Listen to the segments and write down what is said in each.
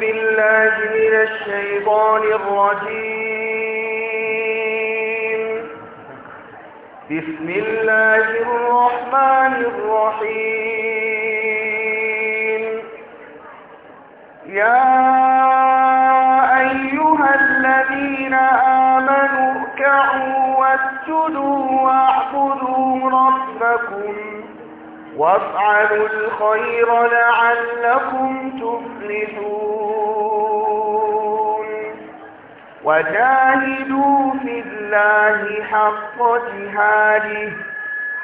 بالله من الشيطان الرجيم بسم الله الرحمن الرحيم يا أيها الذين آمنوا اركعوا واسجدوا واعبدوا ربكم وافعلوا الخير لعلكم تفلحون وجاهدوا في الله حق جهاده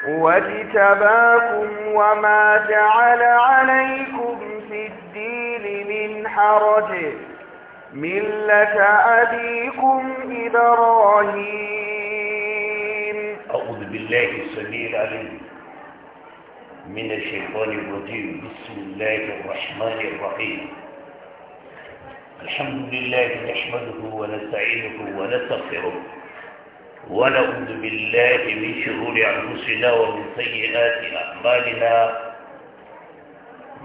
واجتباكم وما جعل عليكم في الدين من حرج ملة أبيكم إبراهيم أعوذ بالله السميع العليم من الشيطان الرجيم بسم الله الرحمن الرحيم الحمد لله نحمده ونستعينه ونستغفره ونعوذ بالله من شرور انفسنا ومن سيئات اعمالنا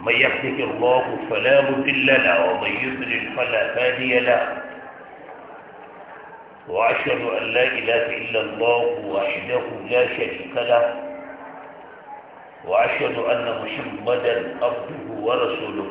من يهده الله فلا مضل له ومن يضلل فلا هادي له واشهد ان لا اله الا الله وحده لا شريك له واشهد ان محمدا عبده ورسوله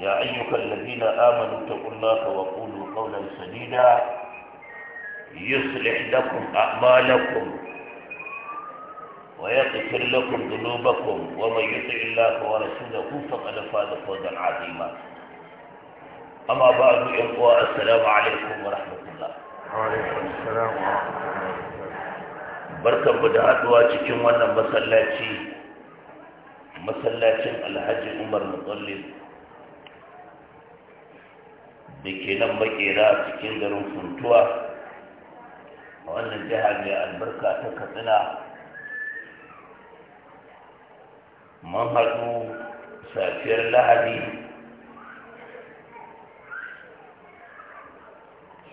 يا أيها الذين آمنوا اتقوا الله وقولوا قولا سديدا يصلح لكم أعمالكم ويغفر لكم ذنوبكم ومن يطع الله ورسوله فقد فاز فوزا عظيما أما بعد إخوة السلام عليكم ورحمة الله وعليكم السلام ورحمة الله barkan mu da haduwa cikin wannan masallaci masallacin alhaji umar mutsallim da ke nan cikin garin funtuwa a wannan jiha mai albarka ta katsina man haɗu safiyar lahadi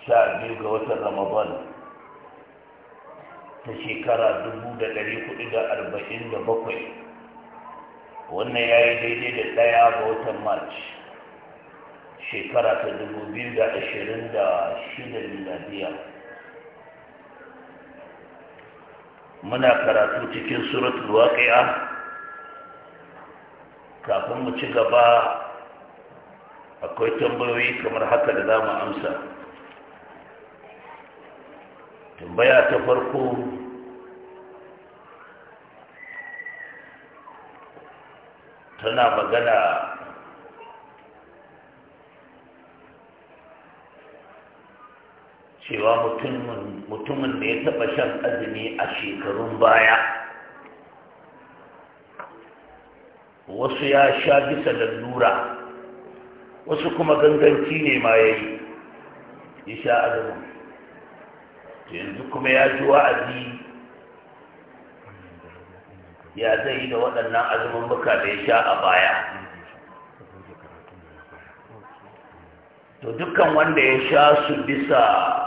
sha biyu ga watan ramadan ta shekara dubu da ɗari kuɗi da arba'in da bakwai wannan ya yi daidai da ɗaya ga watan march shekara ta dubu biyu da ashirin da shida miladiya muna karatu cikin suratul waqi'a kafin mu ci gaba akwai tambayoyi kamar haka da za mu amsa tambaya ta farko tana magana cewa mutumin da ya taɓa shan azumi a shekarun baya wasu ya sha bisa lallura wasu kuma ganganci ne ma ya yi ya sha azumin yanzu kuma ya ji wa'azi ya zai yi da waɗannan azumin buka da ya sha a baya to dukkan wanda ya sha su bisa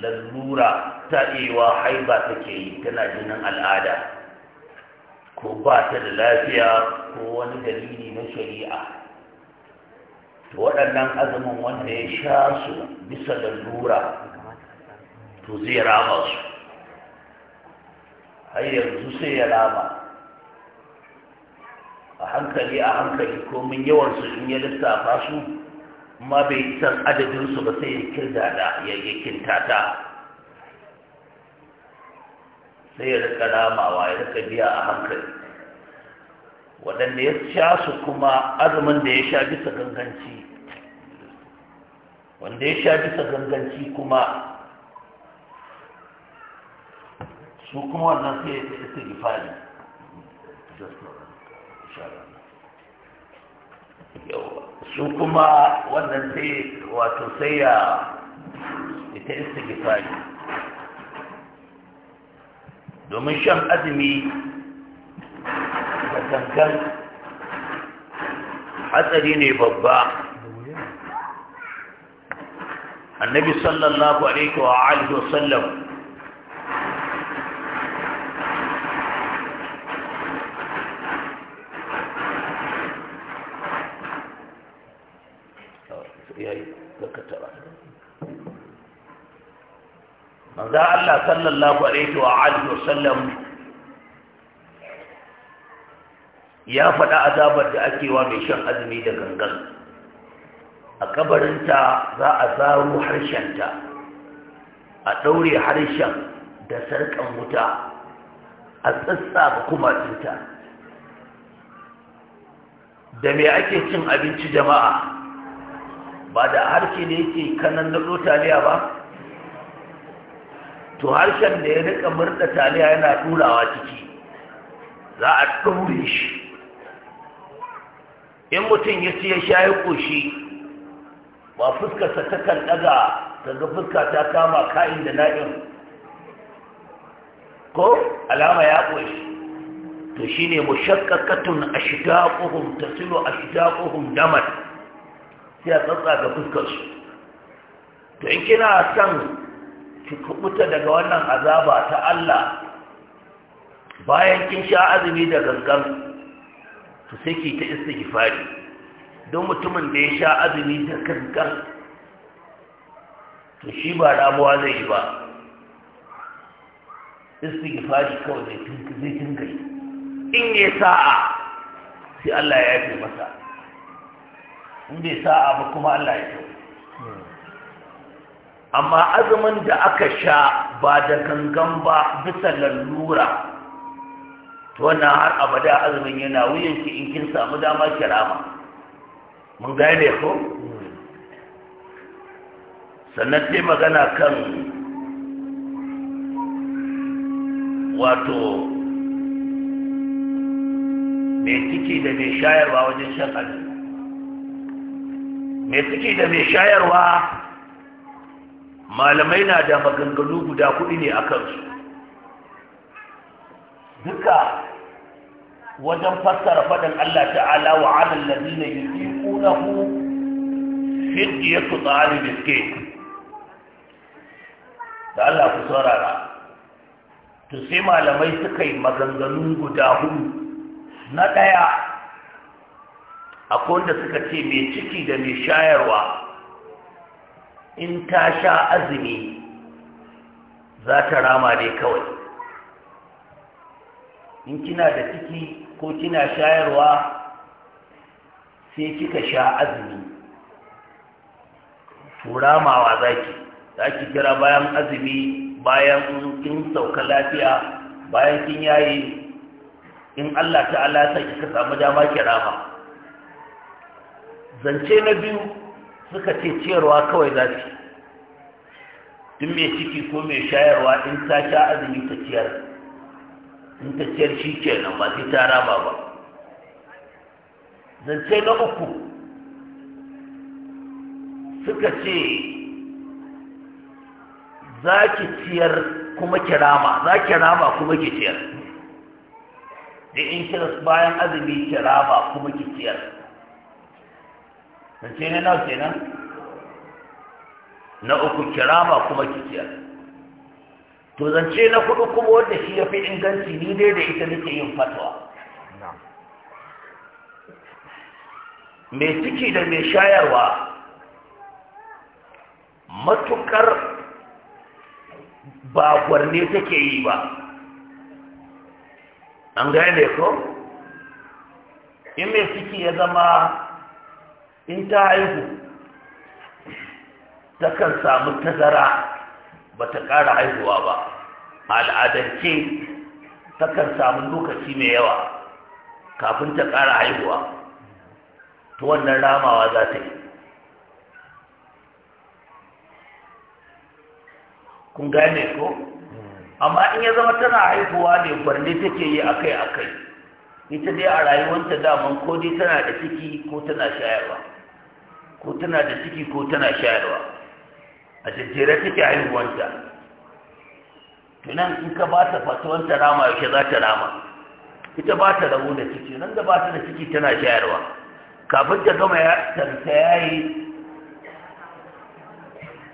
lallura ta haiba take yi tana jinin al'ada ko ba ta da lafiya ko wani dalili na shari'a to waɗannan azumin wanda ya sha su bisa lallura to zai rama su har yanzu sai ya rama a hankali a hankali komin yawansu in ya lissafa su ma bai san adadinsu ba sai ya kirda da ya kinta ta sai ya rika ramawa ya rika biya a hankali waɗanda ya sha su kuma azumin da ya sha bisa ganganci wanda ya sha bisa ganganci kuma su kuma wannan sai ya tafi fari su kuma wannan sai wato sai ya ita istighfari domin shan azumi da kankan hatsari ne babba annabi sallallahu alaihi wa alihi wa sallam Allah sallallahu alaihi wa alihi wasallam ya faɗa azabar da ake wa mai shan azumi da gangan a kabarinta za a harshen ta, a ɗaure harshen da sarƙan wuta a tsatsa kuma kumatinta da mai ake cin abinci jama'a ba da harshe ne yake kanan na ba to harshen da ya rika murda taliya yana turawa ciki za a ɗaure shi in mutum ya ce ya sha ya ƙoshi ba fuskarsa ta kan ɗaga ta ga fuska ta kama ka'in da na'in ko alama ya ƙoshi to shi ne mu a shiga ta silo a shiga ƙohun damar, sai a tsatsa ga fuskarsu. to in kina son. ki daga wannan azaba ta Allah bayan kin sha azumi da gangan to sai ki ta istighfari don mutumin da ya sha azumi da gangan to shi ba ramuwa zai yi ba istighfari kawai zai zai yi in ya sa'a sai Allah ya yi masa in bai sa'a ba kuma Allah ya yafe amma azumin da aka sha ba da gangan ba bisa lallura to wannan har abada azumin yana wuyan ki in kin samu dama kirama mun gane ko sannan sai magana kan wato mai ciki da mai shayarwa wajen shan azumi mai ciki da mai shayarwa malamai na da maganganu guda kuɗi ne a kansu duka wajen fassara faɗin Allah ta'ala wa alal ladina yusiqunahu fidyatu ta'am miskin da Allah ku saurara to sai malamai suka yi maganganu guda hudu na ɗaya akwai wanda suka ce mai ciki da mai shayarwa in ta sha azumi za ta rama dai kawai in kina da ciki ko kina shayarwa sai kika sha azumi turamawa za ki za ki kira bayan azumi bayan kin sauka lafiya bayan kin yayi in Allah ta'ala sai kika samu dama kirama zance na biyu suka ce ciyarwa kawai za su duk mai ciki ko mai shayarwa in ta sha azumi ta ciyar in ta ciyar shi ke nan, ba sai ta raba ba zance na uku suka ce za ki ciyar kuma ki rama za ki rama kuma ki ciyar da in kira bayan azumi ki rama kuma ki ciyar ne na kenan na uku kirama kuma kikiya to zance na kudu kuma wanda shi ya fi inganci ni dai da ita nake yin fatawa mai ciki da mai shayarwa matukar ba gwarne take yi ba an gane ko in mai ciki ya zama in ta haihu takan samu tazara ba ta ƙara haihuwa ba al'adance takan samu lokaci mai yawa kafin ta ƙara haihuwa ta wannan ramawa za ta yi kun gane ko amma in ya zama tana haihuwa ne barne take yi akai-akai ita dai a rayuwanta daman ko dai tana da ciki ko tana shayarwa ko tana da ciki ko tana shayarwa a jajjere take haihuwanta tunan in ka ba ta fatuwanta rama yaushe za ta rama ita ba ta rabu da ciki nan da ba ta da ciki tana shayarwa kafin ta gama ya yi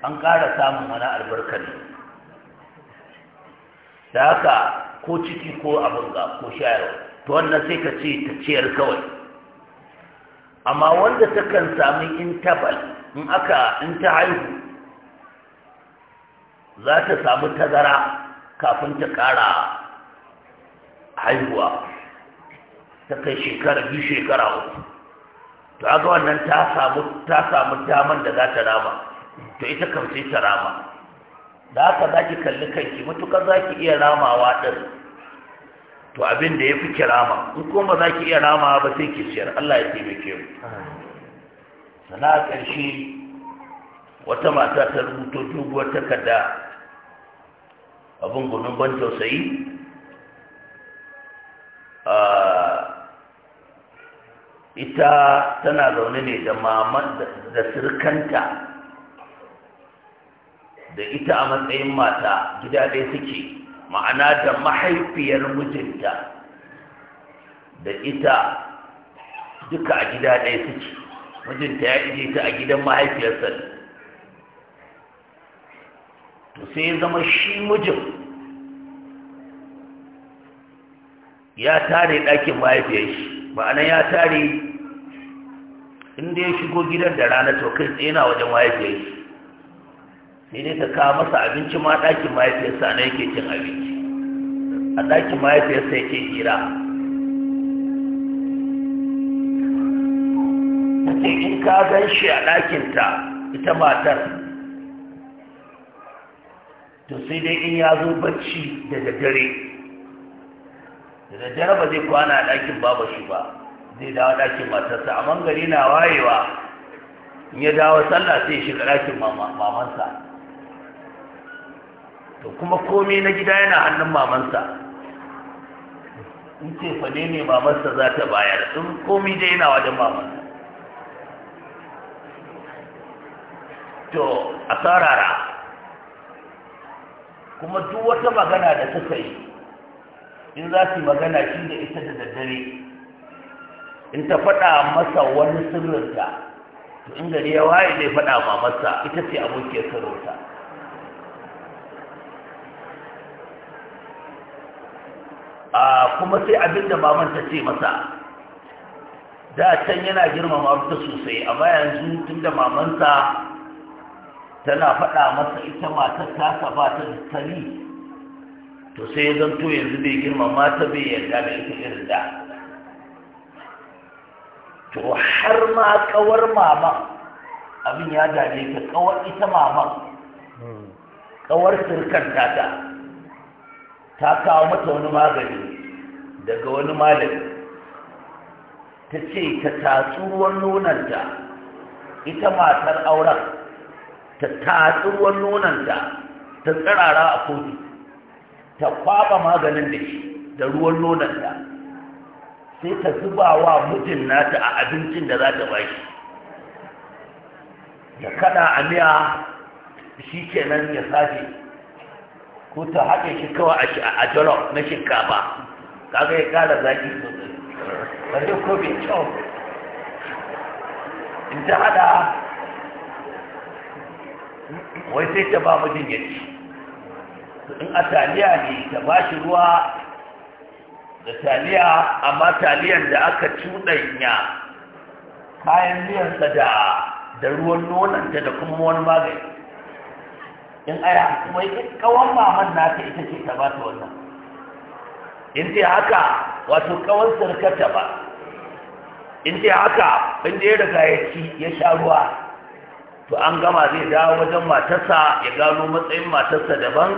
an ƙara samun wani albarkar ne da haka ko ciki ko abin ga ko shayarwa to wannan sai ka ce ta ciyar kawai amma wanda takan sami intabal in aka in ta haihu za ta samu tazara kafin ta ƙara haihuwa ta kai shekara biyu shekara uku to aga wannan ta samu ta samu daman da za ta rama to ita kam sai ta rama da haka za ki kalli kanki matukar za ki iya ramawa ɗin to abin da ya fi kirama in kuma ba za ki iya rama ba sai ki siyar? Allah ya taimake mu sana a ƙarshe wata mata ta rubuto doguwar takarda abin gudun ban tausayi ita tana zaune ne da maman da sirkanta da ita a matsayin mata gida ɗaya suke ma'ana da mahaifiyar mijinta da ita duka a gida ɗaya suke mijinta ya ije ta a gidan mahaifiyarsa ne to sai ya zama shi mijin ya tare ɗakin mahaifiyar shi ma'ana ya tare inda ya shigo gidan da rana to kai tsaye na wajen mahaifiyar shi sai dai ta kawo masa abinci ma ɗakin mahaifiyarsa na yake cin abinci a ɗakin mahaifiyarsa yake hira ce in ka gan shi a ɗakinta ita matar to sai dai in ya zo bacci da daddare da daddare ba zai kwana a ɗakin baba shi ba zai dawo ɗakin matarsa amma gari na wayewa in ya dawo sallah sai shiga ɗakin mamansa to kuma komai na gida yana hannun mamansa in ce fa ne ne mamarsa za ta bayar in komi dai yana wajen mamarsa to a sarara kuma duk wata magana da suka yi in za su magana shi da ita da daddare in ta faɗa masa wani sirrinta to in gari ya waye zai faɗa mamarsa ita ce abokiyar sarauta kuma sai abinda da maman ta ce masa da can yana girmama mafita sosai amma yanzu tun da mamanta tana faɗa masa ita matar tasa ba ta tsari to sai ya zanto yanzu bai girmama ta bai yarda da ita irin da to har ma kawar maman abin ya dame ta kawar ita maman kawar sirkar tata ta kawo mata wani magani daga wani malami ta ce ta tatsu ruwan nonanta ita matar auren ta tatsu ruwan nonanta ta tsirara a kotu, ta kwaba maganin da shi da ruwan nonanta sai ta zuba wa mutum nata a abincin da za ta bashi da kada a miya shi kenan ya sace ko ta haɗe shi kawai a jolof na shinkafa kaga ya kara zaƙi sosai ko bai kyau in ta haɗa wai sai ta ba mu ya in a taliya ne ta ba shi ruwa da taliya amma taliyan da aka cuɗanya kayan miyansa da ruwan nonanta da kuma wani magani in aya wai kawan maman ta ita ce ta ba ta wannan in ce haka wato kawan sarkata ba in ce haka in da ya riga ya ci ya sha ruwa to an gama zai dawo wajen matarsa ya gano matsayin matarsa daban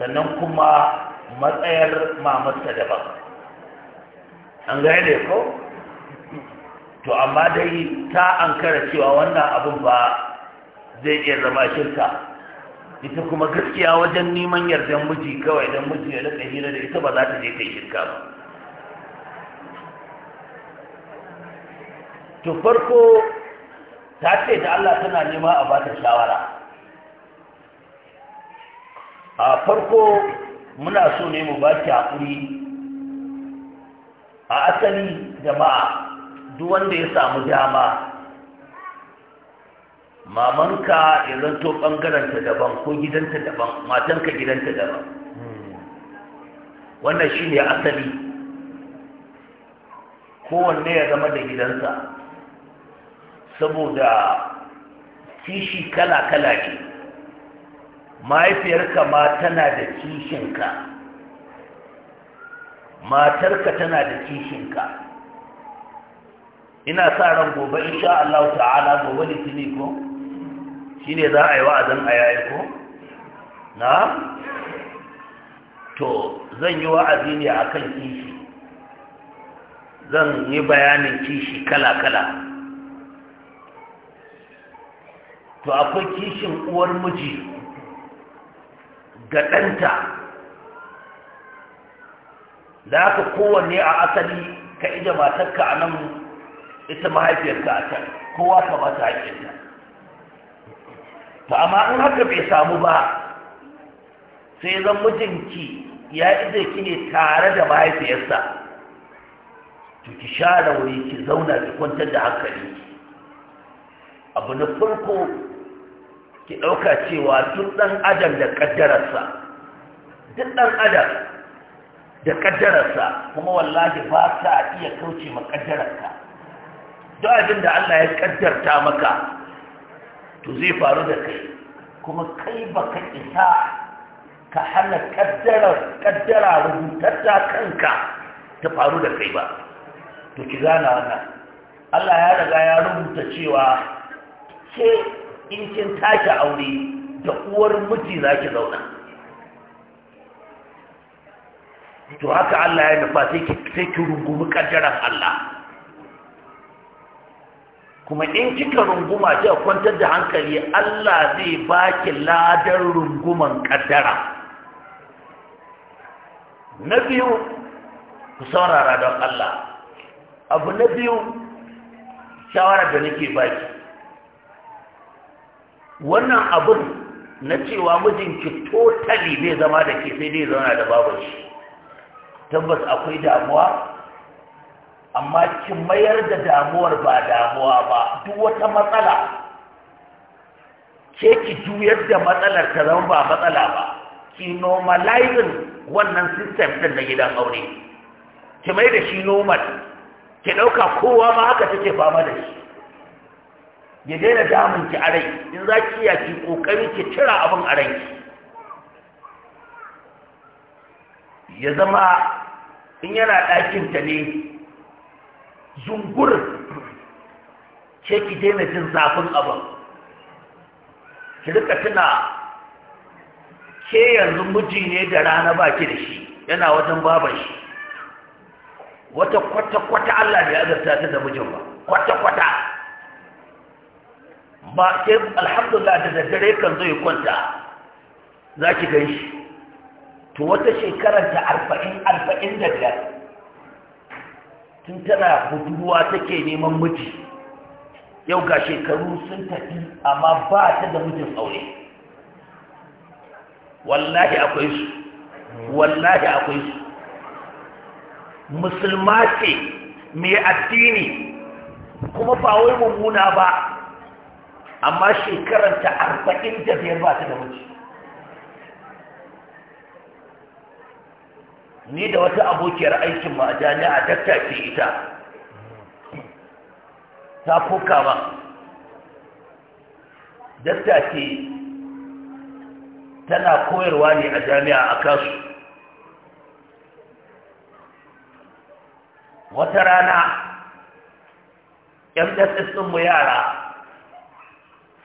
sannan kuma matsayar mamarsa daban an gaya da ko to amma dai ta ankara cewa wannan abin ba zai iya zama shirka ita kuma gaskiya wajen neman yardan miji kawai don miji ya rika hira da ita ba za ta je kai shirka ba to farko ta ce da Allah tana nema a bata shawara a farko muna so ne mu ba ki haƙuri a asali jama'a duk wanda ya samu dama mamanka ya zanto ɓangaranta daban ko gidanta daban matanka gidanta daban wannan shi ne asali kowanne ya zama da gidansa saboda kishi kala-kala ne mahaifiyarka ma tana da kishinka matarka tana da kishinka ina sa ran gobe insha Allah ta'ala gobe Litinin ko shi ne za a yi wa'azin a yayi ko? na? to zan yi wa'azi ne a kan kishi zan yi bayanin kishi kala-kala to akwai kishin uwar miji ga ɗanta da aka kowanne a asali ka ije matarka a nan ita mahaifiyarka a can kowa ka mata haƙinta to amma in haka bai samu ba sai zan mijinki ya ije ki ne tare da mahaifiyarsa to ki share wuri ki zauna ki kwantar da hankali abu na farko ki ɗauka cewa duk ɗan adam da ƙaddararsa duk ɗan adam da ƙaddararsa kuma wallahi ba sa iya kauce ma ƙaddararka duk abin da Allah ya ƙaddarta maka to zai faru da kai kuma kai baka isa ka hana kaddara da kanka ta faru da kai ba to ki gana wannan Allah ya riga ya rubuta cewa ke in kin tashi aure da uwar miji za ki zauna to haka Allah ya nufa sai ki rungumi kaddaran Allah kuma in kika runguma kika kwantar da hankali Allah zai baki ladan runguman kaddara na biyu ku saurara don Allah abu na biyu shawara da nake baki wannan abun na cewa mijinki totali bai zama da ke sai dai zauna da babu shi tabbas akwai damuwa amma ki mayar da damuwar ba damuwa ba duk wata matsala ke ki juyar da matsalar ta zama ba matsala ba ki normalizing wannan system din na gidan aure ki mai da shi normal ki ɗauka kowa ma haka take fama da shi ya daina damun ki a in za ki ya ki ƙoƙari ki cira abin a ranki ya zama in yana ta ne zungurin ce ki daina jin zafin abin ki rika tuna ke yanzu miji ne da rana ba ki da shi yana wajen baban shi wata kwata-kwata Allah ne azarta ta da mijin ba kwata-kwata ba ke, alhamdulillah da daddare kan zo ya kwanta za ki gan shi to wata shekarar ta arba'in arba'in da biyar tun tana budurwa take neman miji yau ga shekaru sun tafi amma ba ta da mijin aure wallahi akwai su wallahi akwai su musulma ce mai addini kuma ba wai mummuna ba amma shekaranta arba'in da biyar ba ta da miji ni da wata abokiyar aikin ma a jami'a dakta ce ita ta koka ba, dakta ce tana koyarwa ne a jami'a a kasu wata rana yan mu yara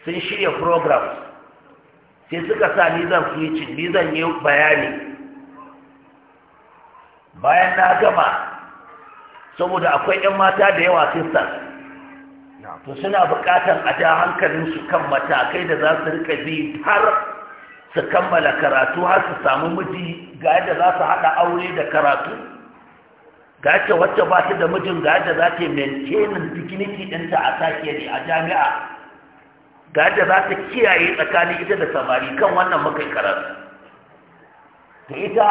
sun shirya program sai suka sa ni zan fi ni zan yi bayani bayan na gama saboda akwai 'yan mata da yawa sisters to suna buƙatar a ja su kan matakai da za su rika bi har su kammala karatu har su samu miji ga yadda za su haɗa aure da karatu ga yadda wacce ba ta da mijin ga yadda za ta maintainin dignity ɗinta a ne a jami'a ga yadda za ta kiyaye tsakanin ita da samari kan wannan muka karatu ta ita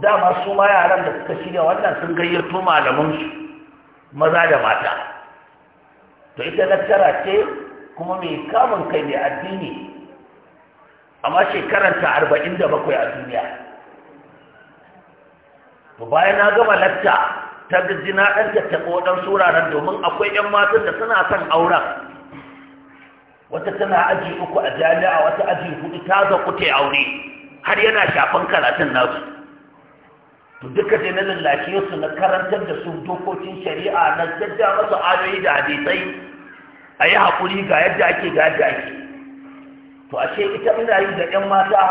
dama su ma yaran da suka shirya wannan sun gayyato malamansu maza da mata to ita lattara ce kuma mai kamun kai mai addini amma ta arba'in da bakwai a duniya to bayan na gama latta ta gaji na ɗan taɓa waɗansu wuraren domin akwai 'yan matan da suna son auren wata tana aji uku a jami'a wata aji hudu ta zaƙute aure har yana shafan karatun nasu to duka sai na lallace su na karantar da su dokokin shari'a na dadda masu ayoyi da hadisai a yi haƙuri ga yadda ake ga yadda ake to ashe ita ina yi da 'yan mata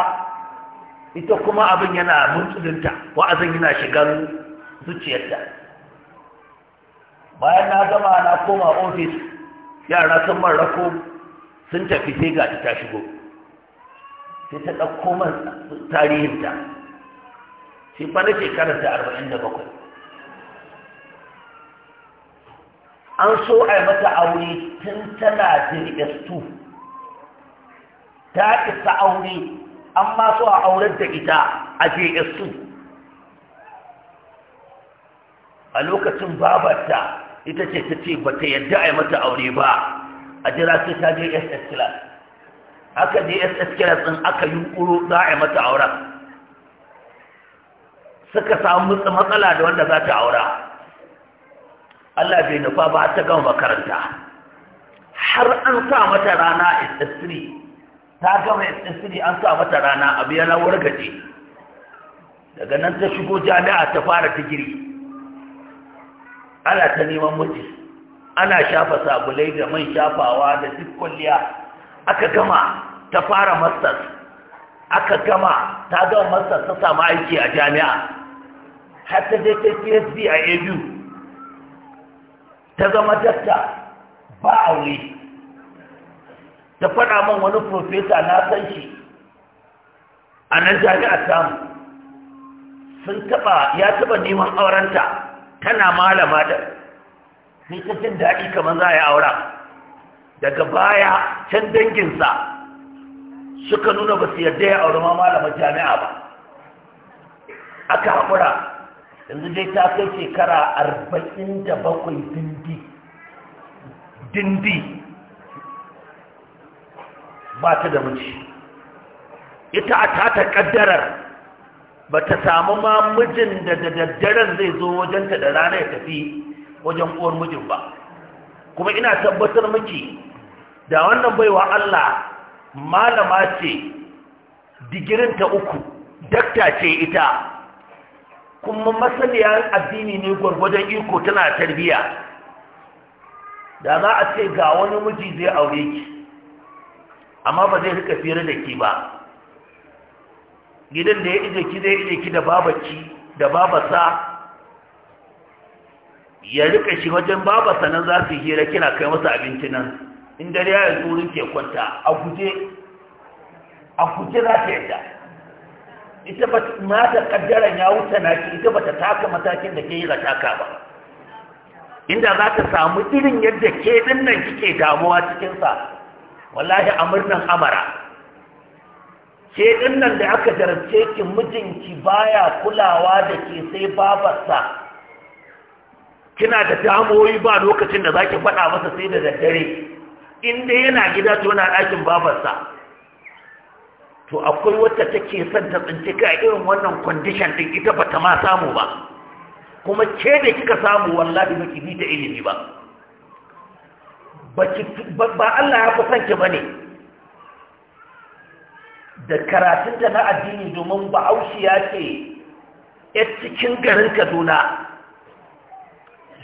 ita kuma abin yana murtsulinta wa'azin yana shigar zuciyarta bayan na gama na koma ofis yara sun marrako sun tafi sai ga ta shigo sai ta ɗauko man tarihinta shi fa na shekarar ta arba'in da bakwai an so a yi mata aure tun tana jirgin su ta isa aure an ma so a aurar da ita a jirgin su a lokacin babarta ita ce ta ce ba ta yadda a yi mata aure ba a jira sai ta je ss class aka je ss class aka yi kuro za a yi mata auren suka samu matsala da wanda za ta aura Allah bai nufa ba ta gama makaranta har an sa mata rana ss ta gama ss an sa mata rana abu yana wargaje daga nan ta shigo jami'a ta fara digiri ana ta neman miji ana shafa sabulai da man shafawa da duk kwalliya aka gama ta fara masters aka gama ta gama masters ta samu aiki a jami'a har ta je ta a ABU ta zama tatta ba a wuri. ta faɗa min wani profesa na san shi a nan jami'ar samu sun taɓa ya taɓa neman aurenta tana malama da sai ta jin daɗi kamar za a yi aura daga baya can danginsa suka nuna ba su yarda ya auri ma malamin jami'a ba aka haƙura yanzu dai ta kai shekara arba'in da bakwai dindi dindi ba ta da miji ita a tata kaddarar ba ta samu ma mijin da da daddaren zai zo wajenta da rana ya tafi wajen uwar mijin ba kuma ina tabbatar miki da wannan baiwa Allah malama ce digirinta uku dakta ce ita kuma masaniyar addini ne gwargwadon iko tana tarbiya da za a ce ga wani miji zai aure ki amma ba zai rika fira da ki ba gidan da ya ije ki zai ije ki da babaci da babasa ya rika shi wajen babasa nan za su hira kina kai masa abinci nan in dare ya yi tsorin ke kwanta a guje a guje za ta yadda ita ba ma da kaddaran ya wuce naki ita ba ta taka matakin da ke yi taka ba inda za ta samu irin yadda ke din nan kike damuwa cikinsa wallahi a murnan amara ke din nan da aka jarabce ki mijinki baya kulawa da ke sai babarsa kina da damuwoyi ba lokacin da zaki faɗa masa sai da daddare in dai yana gida to yana ɗakin babarsa to akwai wata take son ta tsinci ka irin wannan condition din ita bata ma samu ba kuma ke da kika samu wallahi ba bi ta ilimi ba ba Allah ya fi ki bane da karatun ta na addini domin ba aushi ya ce yar cikin garin Kaduna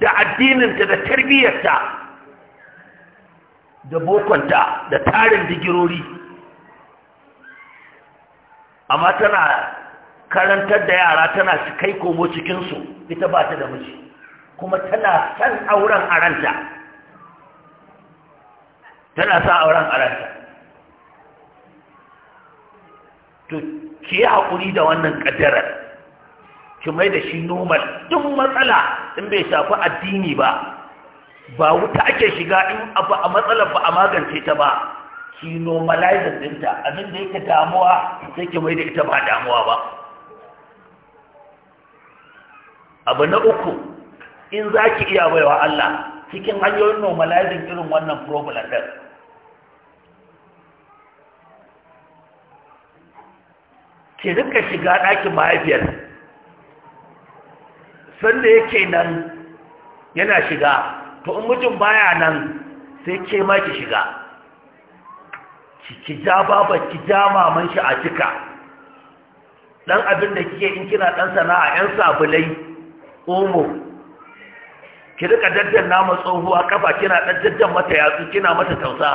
da addininta da tarbiyyarta da bokonta da tarin digirori amma tana karantar da yara tana kai komo cikinsu ita ba ta da miji kuma tana san auren aranta tana sa auren aranta to ki yi haƙuri da wannan ƙaddarar ki mai da shi normal duk matsala in bai shafi addini ba ba wuta ake shiga in a matsalar ba a magance ta ba ki normalize dinta abin da yake damuwa sai ki mai da ita ba damuwa ba abu na uku in za ki iya baiwa Allah cikin hanyoyin normalizing irin wannan problem din ki rika shiga ɗakin mahaifiyar sanda yake nan yana shiga to in mijin baya nan sai ke ma ki shiga ki ja baba ki ja maman shi a cika dan abin da kike in kina dan sana'a yan sabulai omo ki rika daddan nama tsohuwa kafa kina dan daddan mata yatsu kina mata tausa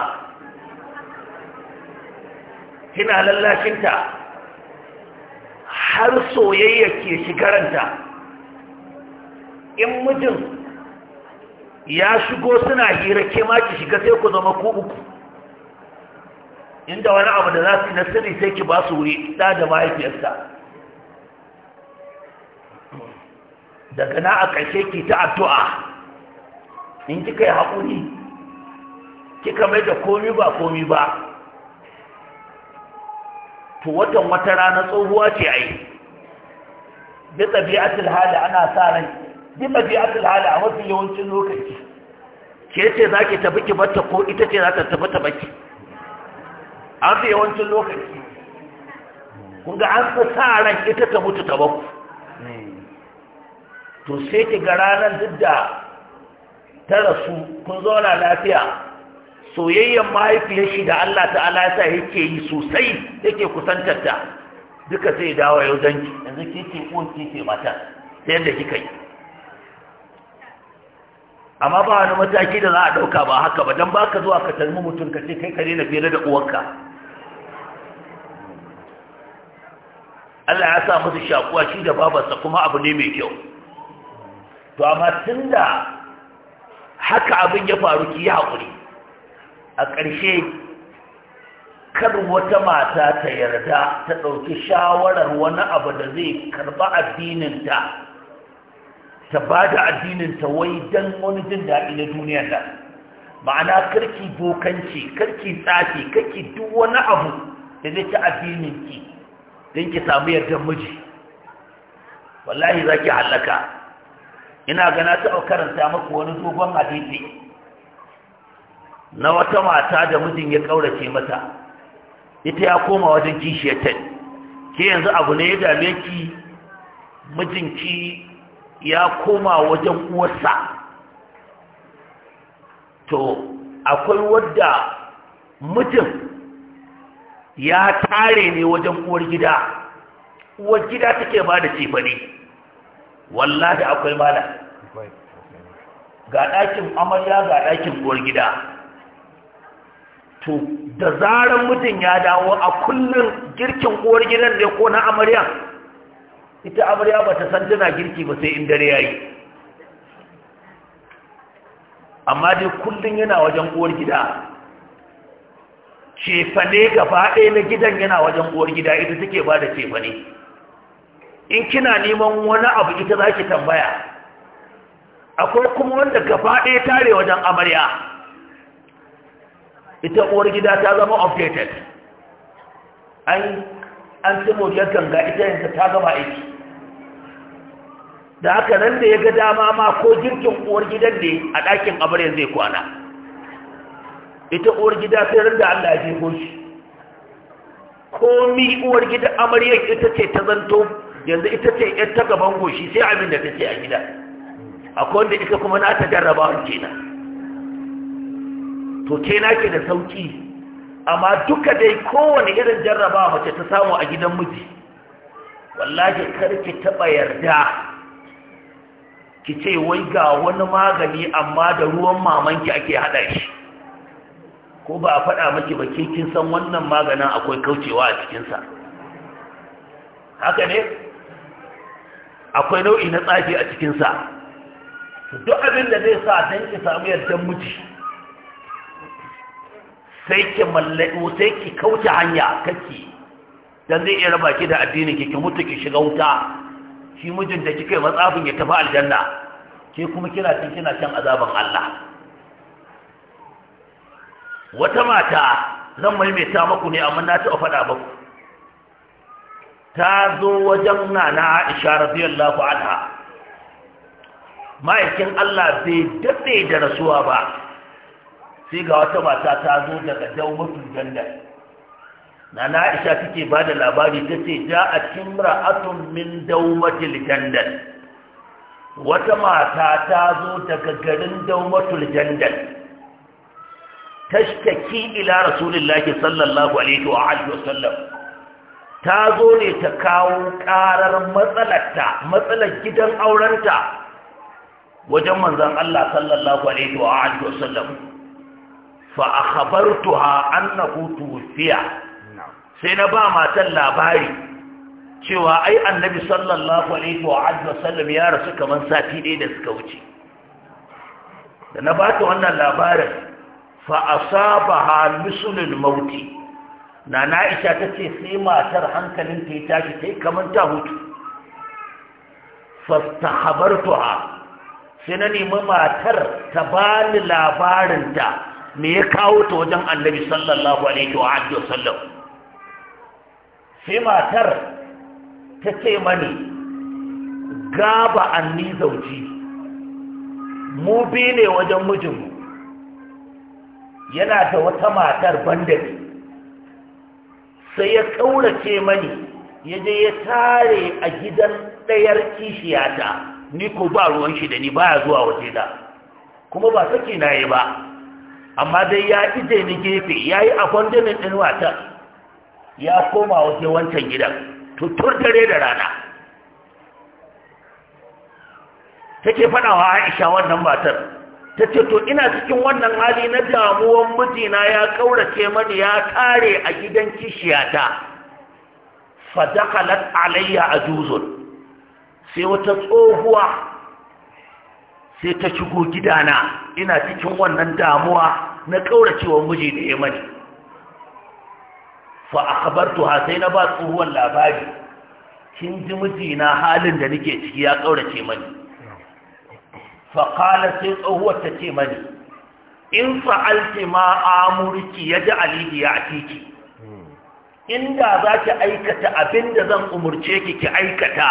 kina ta har soyayya ke shigaranta in mijin ya shigo suna hira ke ma ki shiga sai ku zama ku uku inda wani abu da za su yi na sirri sai ki ba su wuri ɗa da mahaifiyarsa daga na a ƙarshe ki ta addu'a in kika yi haƙuri kika mai da komi ba komi ba to watan wata rana tsohuwa ce a yi bi ɗabi'atul hali ana sa ran bi ɗabi'atul hali a mafi yawancin lokaci ke ce za ki tafi ki bata ko ita ce za ta tafi ta baki an fi yawancin lokaci kun ga an fi sa ran ita ta mutu ta baku to sai ki ga ranar duk da ta rasu kun zauna lafiya soyayyen mahaifiyar shi da Allah ta'ala ya sa yake yi sosai yake kusantar ta duka sai dawo yau danki yanzu ko uwan kike mata sai yadda kika yi amma ba wani mataki da za a ɗauka ba haka ba don ba ka zuwa ka talmi mutum ka ce kai ka daina fere da uwanka Allah ya sa musu shakuwa shi da babarsa kuma abu ne mai kyau to amma tun da haka abin ya faru ki yi haƙuri a ƙarshe kar wata mata ta yarda ta ɗauki shawarar wani abu da zai karɓa addininta ta ba da addininta wai don wani jin daɗi na duniyar nan ma'ana karki bokanci karki tsafi karki duk wani abu da zai ci addininki don ki samu yardan miji wallahi za ki hallaka ina gana taɓa karanta maku wani dogon hadisi na wata mata da mijin ya ƙaurace mata ita ya koma wajen ya ta ke yanzu abu ne ya dame ki mijinki ya koma wajen uwarsa to akwai wadda mijin ya tare ne wajen uwar gida uwar gida take ba da cefa ne wallahi akwai mala ga ɗakin amarya ga ɗakin uwar gida to da zarar mutum ya dawo a kullum girkin uwar gidan ne ko na amarya ita amarya ba ta san tana girki ba sai in dare ya yi amma dai kullum yana wajen uwar gida cefane gaba ɗaya na gidan yana wajen uwar gida ita take ba da cefane in kina neman wani abu ita za ki tambaya akwai kuma wanda gaba ɗaya tare wajen amarya ita uwar gida ta zama updated an an ci ganga ita yanzu ta gaba aiki da haka nan da ya ga dama ma ko jirgin uwar gidan ne a ɗakin amarya zai kwana ita uwar gida sai da Allah ya jefo shi komi uwar gida amarya ita ce ta zanto yanzu ita ce yan ta gaban goshi sai abin da take a gida akwai wanda ita kuma na ta jarraba kenan to kenan ke da sauki amma duka dai kowane irin jarraba mace ta samu a gidan miji wallahi kar ki taba yarda ki ce wai ga wani magani amma da ruwan mamanki ake hada shi ko ba a faɗa maki ba kin san wannan maganin akwai kaucewa a cikinsa haka ne akwai nau'i na tsafi a cikinsa duk abin da zai sa don ki samu yardan miji sai ki mallaki sai ki kauce hanya kake dan zai iya raba ki da addini ki ki mutu ki shiga wuta shi mijin da kika yi matsafin ya tafi aljanna ke kuma kina cin kina can azaban Allah wata mata zan maimaita maku ne amma na taɓa faɗa ba ta zo wajen nana Aisha radiyallahu anha ma'aikin Allah bai daɗe da rasuwa ba sai ga wata mata ta zo daga daumatul jandal nana Aisha take ba da labari ta ce ja a timra'atun min daumatul jandal wata mata ta zo daga garin daumatul jandal tashtaki ila rasulillahi sallallahu alaihi wa alihi wasallam ta zo ne ta kawo karar matsalarta matsalar gidan aurenta wajen manzan Allah sallallahu alaihi wa alihi wasallam fa akhbartuha annahu tuwfiya sai na ba matan labari cewa ai annabi sallallahu alaihi wa alihi wasallam ya rasu kaman sati ɗaya da suka wuce da na ba ta wannan labarin fa asabaha mislul mauti na na'isha tace sai matar hankalin ta ya tashi sai kaman ta hutu fastahabartuha sai na nemi matar ta bani labarin ta me ya kawo ta wajen annabi sallallahu alaihi wa alihi sai matar ta ce mani gaba anni zauji mu bi ne wajen mijinmu yana da wata matar banda ne sai ya kaurace mani ya je ya tare a gidan ɗayar kishiyata ni ko ba ruwan shi da ni baya zuwa waje da kuma ba sake na yi ba amma dai ya ije ni gefe ya yi a abandonin ɗin watan ya koma waje wancan gidan tutur dare da rana take faɗawa aisha wannan matar ta ce to ina cikin wannan hali na damuwan mijina ya ƙaurace mani ya ƙare a gidan kishiyata fadakalat alayya a sai wata tsohuwa sai ta shigo gidana ina cikin wannan damuwa na ƙauracewa miji da ya mani fa akhbartuha sai na ba tsohuwan labari kin ji mijina halin da nake ciki ya ƙaurace mani faƙala sai tsohuwar ta ce mani in fa'alti ma amurki ya ji aliyu ya ki? inda za ki aikata abin da zan umurce ki ki aikata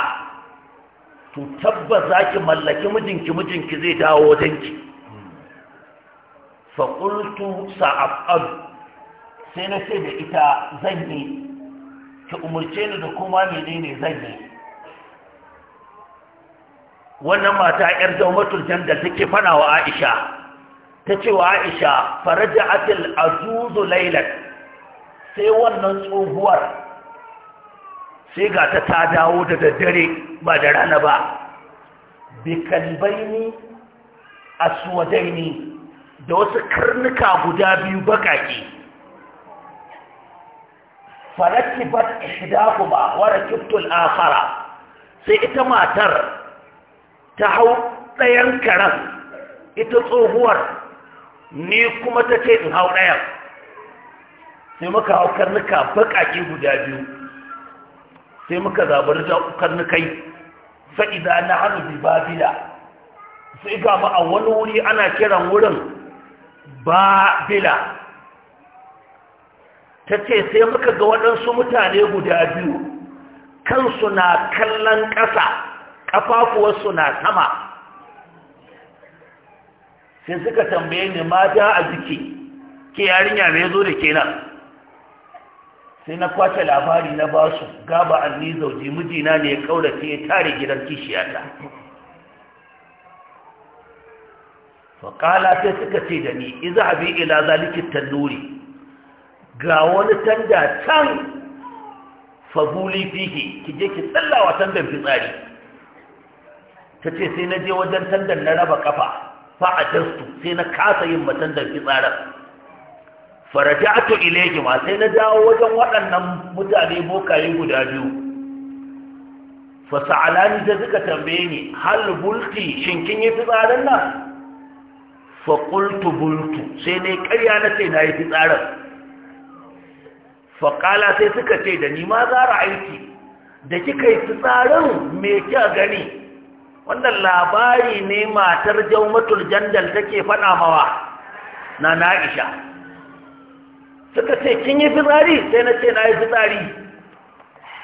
to tabbas za ki mallaki mijinki mijinki zai dawo wajenki faƙultu sa'af'al sai na ce da ita zan yi ki umurce ni da kuma menene zan yi wannan mata yar zaumatul janda take fana wa Aisha ta ce wa Aisha faraja'atil zuzu lailan sai wannan tsohuwar sai ga ta ta dawo da daddare ba da rana ba bi kalbaini aswadaini da wasu karnuka guda biyu bakaki farakibat ihdahuma wa rakibtul akhara sai ita matar ta hau ɗayan karen ita tsohuwar ni kuma ta ce in hau ɗayan sai muka hau karnuka baƙaƙe guda biyu sai muka zabar karnukai za na hannu babila sai ga a wani wuri ana kiran wurin babila ta ce sai muka ga waɗansu mutane guda biyu kansu na kallon ƙasa kafafuwarsu na sama sai suka tambaye ni mata a jiki ke yarinya mai zo da kenan sai na kwace labari na basu gaba anni zauji mijina ne ya kaurace ya tare gidan kishiyata faƙala sai suka ce da ni iza abi ila zalikin tannuri ga wani tanda can fabuli fihi ki je ki tsallawa tandan fitsari ta ce sai na je wajen tandan na raba kafa fa a jastu sai na kasa yin matandan fitsarar faraja'atu ma sai na dawo wajen waɗannan mutane bokaye guda biyu fa sa'alani da suka tambaye ni hal bulti shin kin yi fitsarin nan fa qultu bultu sai ne ƙarya na ce na yi fitsarin fa sai suka ce da ni ma za aiki?" da kika yi fitsarin me kika gani wannan labari ne matar jaumatul jandal take faɗa mawa na na'isha suka ce kin yi fitsari sai na ce na yi fitsari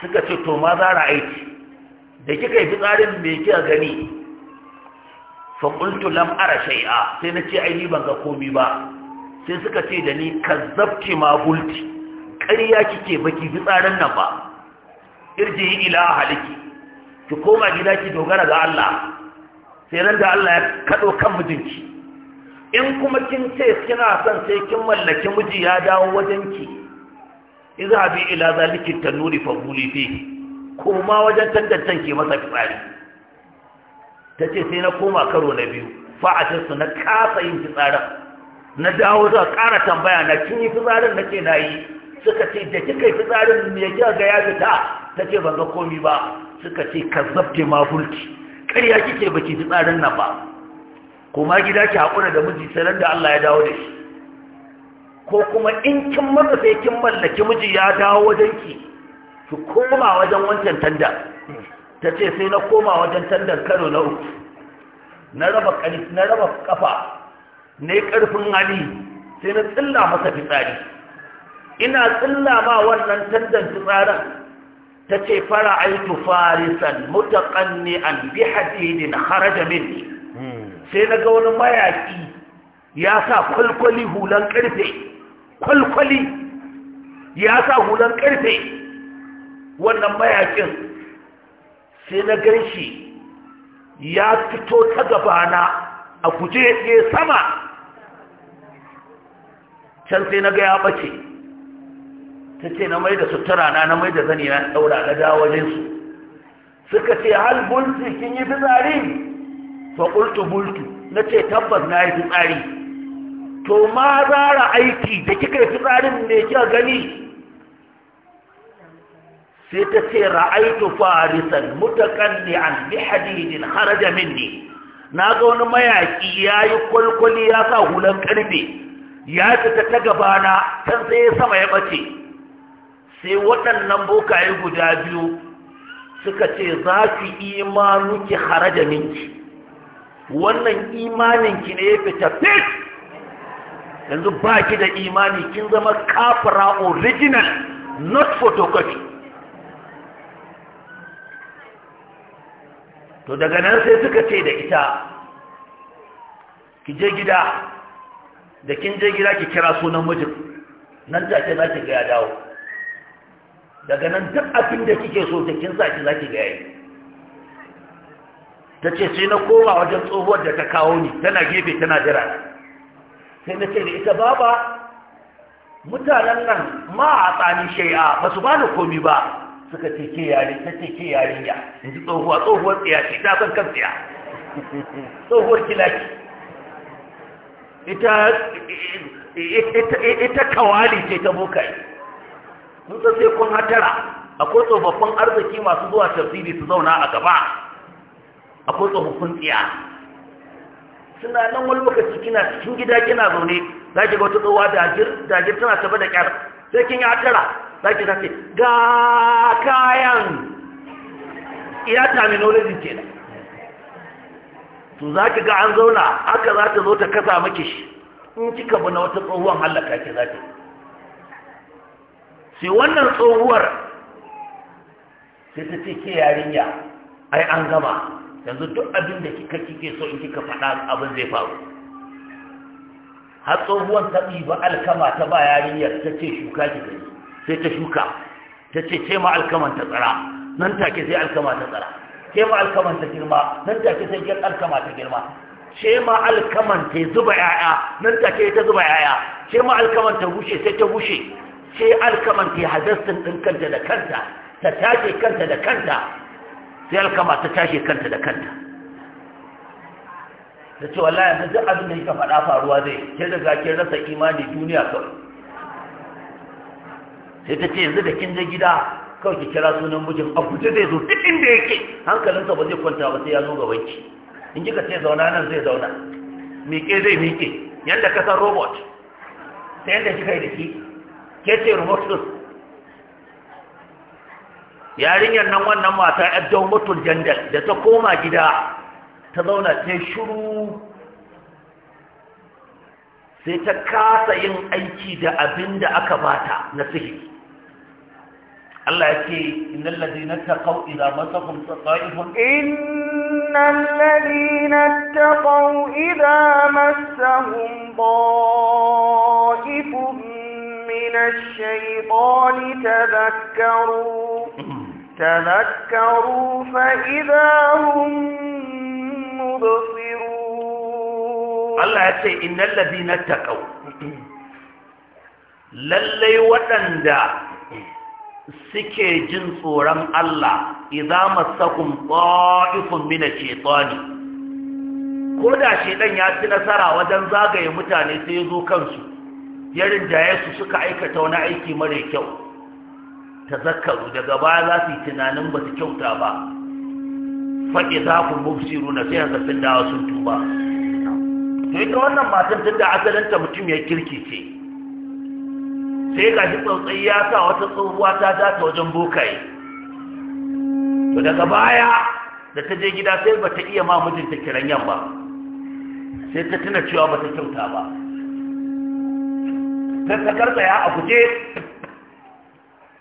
suka ce to ma za ra'aiti da kika yi fitsarin me kika gani fa qultu lam ara shay'a sai na ce ai ni ban ga komai ba sai suka ce da ni kazzabti ma bulti ƙarya kike baki fitsarin nan ba irji ila haliki ki koma gida ki dogara ga Allah sai ran da Allah ya kado kan mijinki in kuma kin ce kina son sai kin mallaki miji ya dawo wajenki bi ila zaliki tanuri fa buli fi koma wajen tantancen ki masa fitsari tace sai na koma karo na biyu fa'atarsu na kasa yin fitsarin na dawo za ƙara tambaya na kin yi fitsarin nake na yi suka ce da kika yi fitsarin ya kika ga ya fita ta ce ban ga komi ba suka ce ka zabte ma hulki ƙarya kike baki fitsarin nan ba kuma gida ki haƙura da miji sanar da Allah ya dawo da shi ko kuma in kin masa sai kin mallaki miji ya dawo wajen ki ki koma wajen wancan tanda ta ce sai na koma wajen tandar karo na uku na raba kafa na yi ƙarfin hali sai na tsilla masa fitsari ina tsilla ma wannan tandan tsaran ta ce fara aitu farisan mutaƙanni an bi hadidin haraja minni sai na ga wani mayaki ya sa kwalkwali hulan karfe, kwalkwali ya sa hulan karfe wannan mayaƙin sai na garshi ya fito ta gabana a guje ya sama can sai na ga ya bace. ta ce na mai da sutura na na mai da zani na ɗaura na suka ce hal bulti kin yi fitsari fa qultu bultu na ce tabbas na yi fitsari to ma zara aiki da kika yi fitsarin me kika gani sai ta ce ra'aitu farisan mutaqanni'an bi hadidin kharaja minni na ga wani mayaki yayi kwalkwali ya sa hulan karfe ya fita ta gabana can sai sama ya bace sai waɗannan bokaye guda biyu suka ce za ki imanuki da minki wannan imaninki ne ya fita fit yanzu ba ki da imani kin zama kafara original not photocopy to daga nan sai suka ce da ita ki je gida da kin je gida ki kira sunan mijin nan take za ki ga ya dawo daga nan duk abin da kike so da kin sa ki zaki ga yayi ta ce sai na koma wajen tsohuwar da ta kawo ni tana gefe tana jira sai na ce da ita baba mutanen nan ma a tsani shai'a ba su bani komi ba suka ce ke yare ta ce ke ya in ji tsohuwa tsohuwar tsiya ce ta san kan tsiya tsohuwar kilaki ita ita kawali ce ta bukai san sai kun hatara akwai tsofaffin arziki masu zuwa tafsiri su zauna a gaba akwai tsofaffin tsiya suna nan wani lokaci kina cikin gida kina zaune za ki ga wata tsohuwa dajir dajir tana tafi da kyar sai kin yi hatara za ki zafi ga kayan iya terminology da to za ki ga an zauna haka za ta zo ta kasa maki shi in kika bi na wata tsohuwan hallaka ki zafi sai wannan tsohuwar sai ta ce ke yarinya ai an gama yanzu duk abin da kika kike so in kika faɗa abin zai faru har tsohuwar ta ɗiba alkama ta ba yarinyar ta ce shuka ki gani sai ta shuka ta ce ce ma alkaman ta tsara nan take sai alkama ta tsara ce ma alkaman ta girma nan take sai gyar alkama ta girma ce ma alkaman ta zuba yaya nan take ta zuba yaya ce ma alkaman ta bushe sai ta bushe sai alkaman ta hadassin ɗin kanta da kanta ta tashe kanta da kanta sai alkama ta tashe kanta da kanta da ce wallahi yanzu duk abin da ka faɗa faruwa zai ke daga ke rasa imani duniya kawai sai ta ce yanzu da kin je gida kawai ki kira sunan mijin a guje zai zo duk inda yake hankalinsa ba zai kwanta ba sai ya zo ga wanki in kika ce zauna nan zai zauna miƙe zai miƙe yadda ka san robot sai yadda kika yi da ki ke ce yarinyar nan wannan mata yar mutun jandal da ta koma gida ta zauna ta shiru sai ta kasa yin aiki da abin da aka bata na sihiri Allah ya ce innal ladina taqaw idza masahum taqaifun innal ladina taqaw idza masahum ta'ifun من الشيطان تذكروا تذكروا فإذا هم مبصرون الله يقول إن الذين اتقوا للي وتندى suke jin tsoron Allah idza massakum ta'ifun min ash-shaytani ko da shedan ya ci nasara wajen zagaye mutane sai ya zo kansu ya rinjaye su suka aikata wani aiki mara kyau ta zakaru daga baya za su yi tunanin ba su kyauta ba faɗi za ku mubsiru na sai haka sun dawa sun tuba to ita wannan matan tun da asalinta mutum ya kirki ce sai ga shi tsautsayi ya sa wata tsohuwa ta data wajen bokaye to daga baya da ta je gida sai ba ta iya ma mijinta kiran yamma, sai ta tuna cewa ba ta kyauta ba ta takar tsaya a guje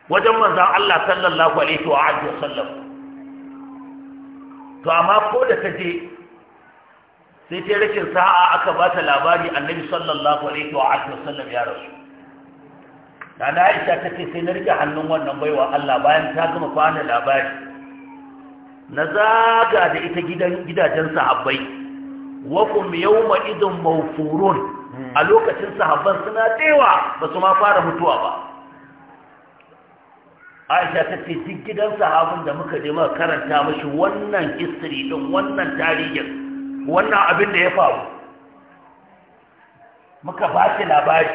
wajen manzan Allah sallallahu alaihi wa alihi to amma ko da ta je sai ta rashin sa'a aka ba ta labari annabi sallallahu alaihi wa alihi ya rasu da na aisha ta ce sai na rike hannun wannan baiwa Allah bayan ta gama kwana labari na zaga da ita gidajen sahabbai wa kum yawma idin mawfurun a lokacin sahabban suna tsewa ba su ma fara mutuwa ba aisha ta ce duk gidan sahabin da muka je karanta mashi wannan history din wannan tarihin wannan abin da ya faru muka ba shi labari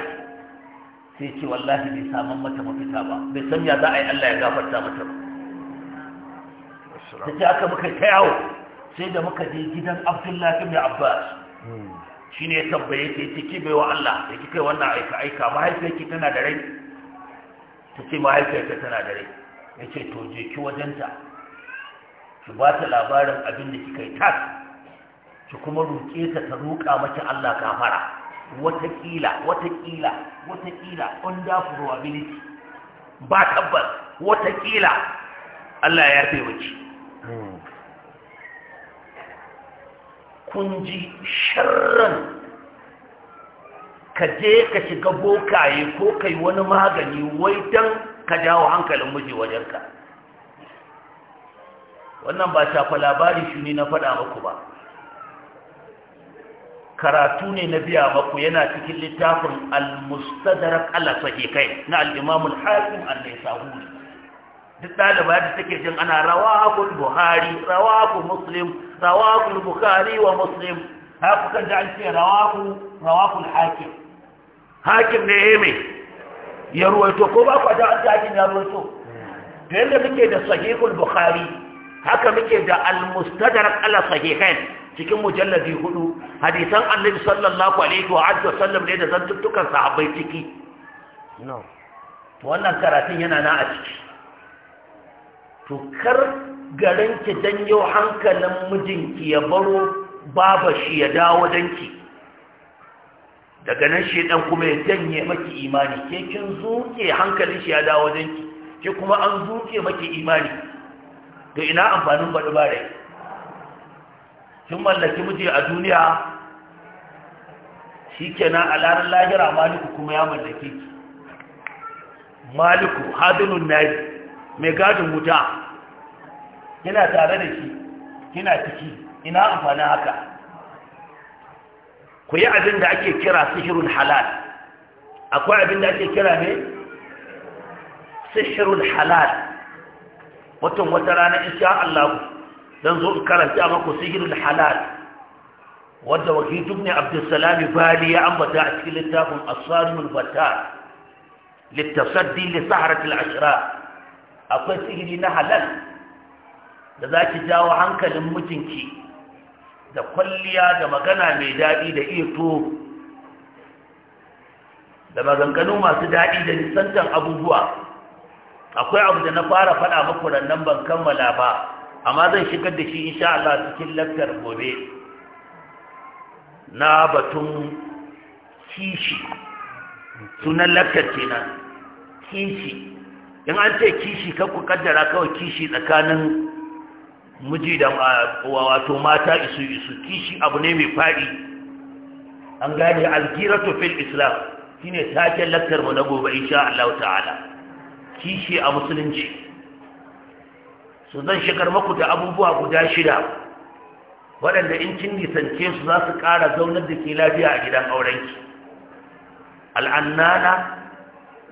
sai ce wallahi bai saman mata mafita ba bai san ya za a yi Allah ya gafarta mata ba ta ce aka muka ta yawo sai da muka je gidan abdullahi bin abbas hmm. shi ne ya tambaye ke ciki bai wa Allah da kika yi wannan aika aika mahaifiyarki tana da rai ta ce mahaifiyarta tana da rai ya ce to je ki wajenta ki ba ta labarin abin da kika yi tas ki kuma roƙe ta ta roƙa maki Allah kafara watakila watakila watakila under probability ba tabbas watakila Allah ya yarda kun ji sharran ka je ka shiga bokaye ko kai wani magani wai dan ka jawo hankalin miji wajenka wannan ba shafa labari shi ne na faɗa maku ba karatu ne na biya maku yana cikin littafin al-mustadrak al sahihai na al-imam al-hakim an duk ɗaliba da take jin ana rawakun buhari rawakun muslim rawakun Buhari wa muslim haka kan da an ce rawakun, rawakun hakim hakim ne ya mai ya ruwaito ko ba ku da an hakim ya ruwaito Da yadda muke da sahihul Buhari haka muke da al ala sahihain cikin mujalladi hudu hadisan annabi sallallahu alaihi wa alihi wasallam ne da zantuttukan sahabbai ciki wannan karatun yana na a ciki to kar garin ki yau hankalin mijinki ya baro baba shi ya dawo danki daga nan shi dan kuma ya janye maki imani ke kin zuke hankalin shi ya dawo danki ke kuma an zuke maki imani to ina amfanin baɗi ba rai kin mallaki miji a duniya shikenan a ranar lahira maliku kuma ya mallake ki maliku hadinun nabi mai gadin wuta yana tare da shi yana ciki ina amfani haka ku yi abin da ake kira sihirun halal akwai abin da ake kira ne sihirun halal Watan wata rana insha Allah don zo in karanta maku sihirun halal wanda wakitu ne Abdulsalami Bali ya ambata a cikin littafin Asarul Fatar للتصدي لسهرة العشراء akwai sihiri na halal da za ki jawo hankalin mijinki da kwalliya da magana mai daɗi da iya da maganganu masu daɗi da nisantan abubuwa akwai abu da na fara faɗa maku nan ban kammala ba amma zan shigar da shi insha Allah cikin lafiyar gobe na batun kishi sunan lafiyar kenan kishi in an ce kishi kan ku kaddara kawai kishi tsakanin miji da wato mata isu isu kishi abu ne mai faɗi an gane algiratu fil islam shine taken lakkar mu na gobe insha Allah ta'ala kishi a musulunci su zan shigar maku da abubuwa guda shida waɗanda in kin nisance su za su ƙara zaunar da ke lafiya a gidan aurenki al'annana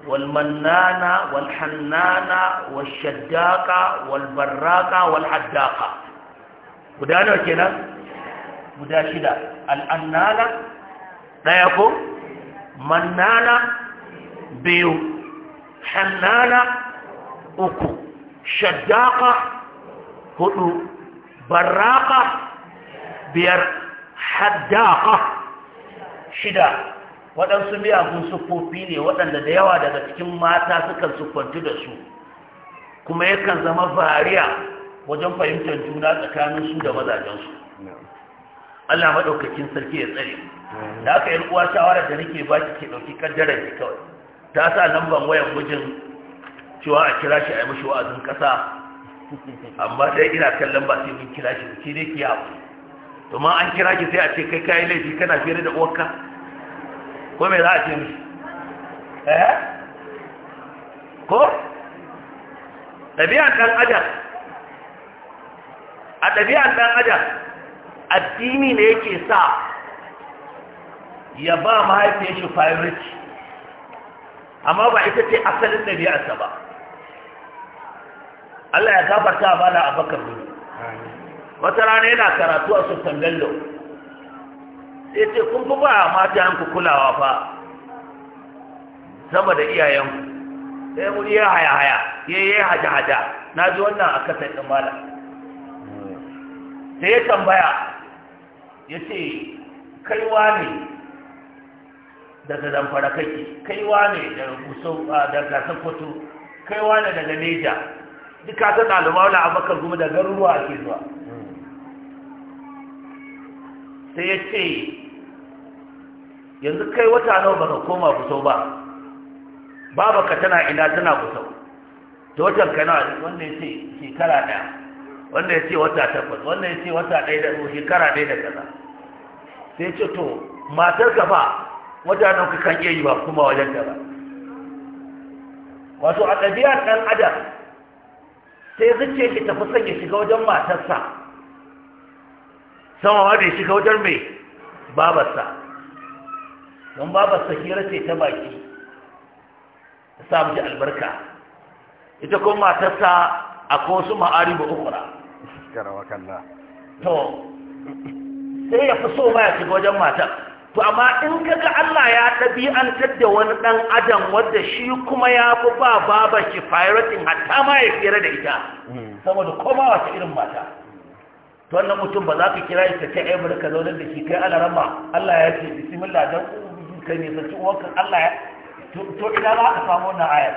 والمنانة والحنانة والشداقة والبراقة والحداقة قدانا وكنا مداشدة شدا الأنانة لا يقول منانة بيو حنانة أكو شداقة هدو براقة بير حداقة شداقا waɗansu miyagun sufofi ne waɗanda da yawa daga cikin mata sukan siffantu da su kuma yakan zama fariya wajen fahimtar juna tsakanin su da mazajensu Allah maɗaukakin sarki ya tsare da aka yi uwa shawarar da nake ba ki ke ɗauki kaddarar ki kawai ta sa lamban wayan mijin cewa a kira shi a yi mashi wa'azin ƙasa amma dai ina kan lamba sai mun kira shi ki ne ki ya abu. an kira ki sai a ce kai kayi laifi kana fere da uwarka ko me za a ce mishi eh ko ɗabi'an ɗan adam a ɗabi'an ɗan adam addini ne yake sa ya ba mahaifiyar shi priority amma ba ita ce asalin ɗabi'arsa ba Allah ya gafarta ba na abakar ne wata rana yana karatu a sultan bello sai kun fi ba mata yanku kulawa fa sama da iyayenku sai wuri ya haya haya ya yi haja haja na ji wannan a kasar ɗin mala sai ya tambaya ya ce kaiwa ne daga zamfara Kai kaiwa ne daga kusau daga Kai kaiwa ne daga neja duka ta ɗaluma wani abakar kuma da garuruwa ake zuwa hmm. sai ya ce yanzu kai wata nawa baka koma kusau ba ka tana ina tana kusau ta watan kana wanda ya ce shekara ɗaya wanda ya ce wata takwas wanda ya ce wata ɗaya da shekara ɗaya da kaza sai ce to matar ka fa wata nawa ka kan iya yi ba kuma wajen ta ba wato a ɗabi'ar ɗan adam sai zuciya ki tafi son ya shiga wajen matarsa sama ma ya shiga wajen mai babarsa don babar sahira ce ta baki ta sa ji albarka ita kuma matarsa a su ma'ari ba ukura to sai ya fi so ba ya shiga wajen matar to amma in kaga Allah ya ɗabi'antar da wani dan adam wadda shi kuma ya fi ba babar ki pirating hatta ma ya fira da ita hmm. saboda koma wata irin mata to wannan mutum ba za ka kira ita ta ce ai ka zaunar da shi kai ana Allah ya ce bismillah dan ka nisanci uwanka Allah ya to ina za ka samu wannan ayar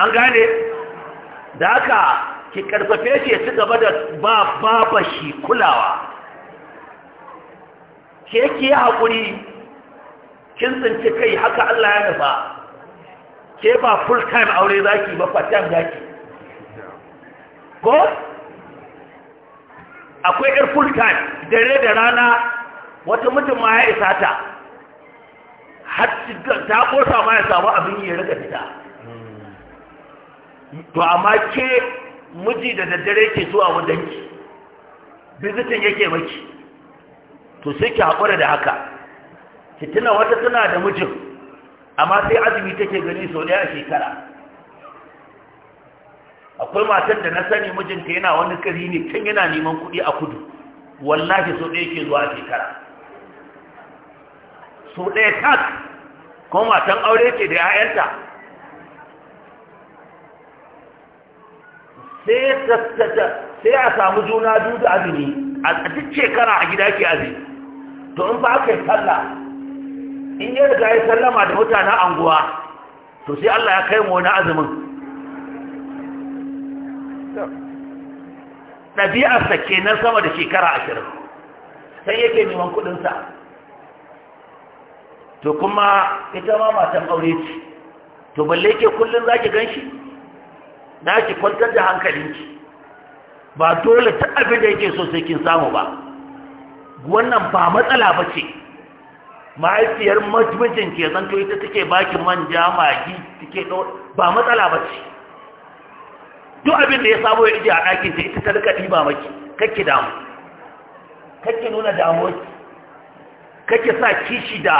an gane da haka ki karfafe shi ci gaba da ba baba shi kulawa ke ki haƙuri kin tsinci kai haka Allah ya nufa ke ba full time aure zaki ba part time zaki ko akwai yar full time dare da rana wata mutum ma ya isa ta har ta kosa ma ya samu abin ya rika fita to amma ke miji da daddare ke zuwa wadanki bizitin yake maki to sai ki haƙura da haka ki tuna wata tana da mijin amma sai azumi take gani sau ɗaya a shekara akwai matan da na sani mijinta yana wani kari ne tun yana neman kuɗi a kudu wallahi sau ɗaya ke zuwa a shekara su ɗaya tak kuma matan aure ce da 'ya'yanta sai a samu juna biyu da azumi a duk shekara a gida ke azumi to in ba aka yi sallah in ya riga ya sallama da mutanen anguwa to sai Allah ya kai mu wani azumin ɗabi'arsa kenan sama da shekara ashirin sai yake neman kuɗinsa to kuma ita ma matan aure ce to balle ke kullum za ki gan na ki kwantar da hankalinki ba dole ta abin da yake so sai kin samu ba wannan ba matsala ba ce mahaifiyar mijin ke zanto ita take baki manja magi take ba matsala ba ce duk abin da ya samu ya ije a ɗakin ta ita ta rika ɗiba maki kakki damu kakki nuna damuwa kakki sa kishi da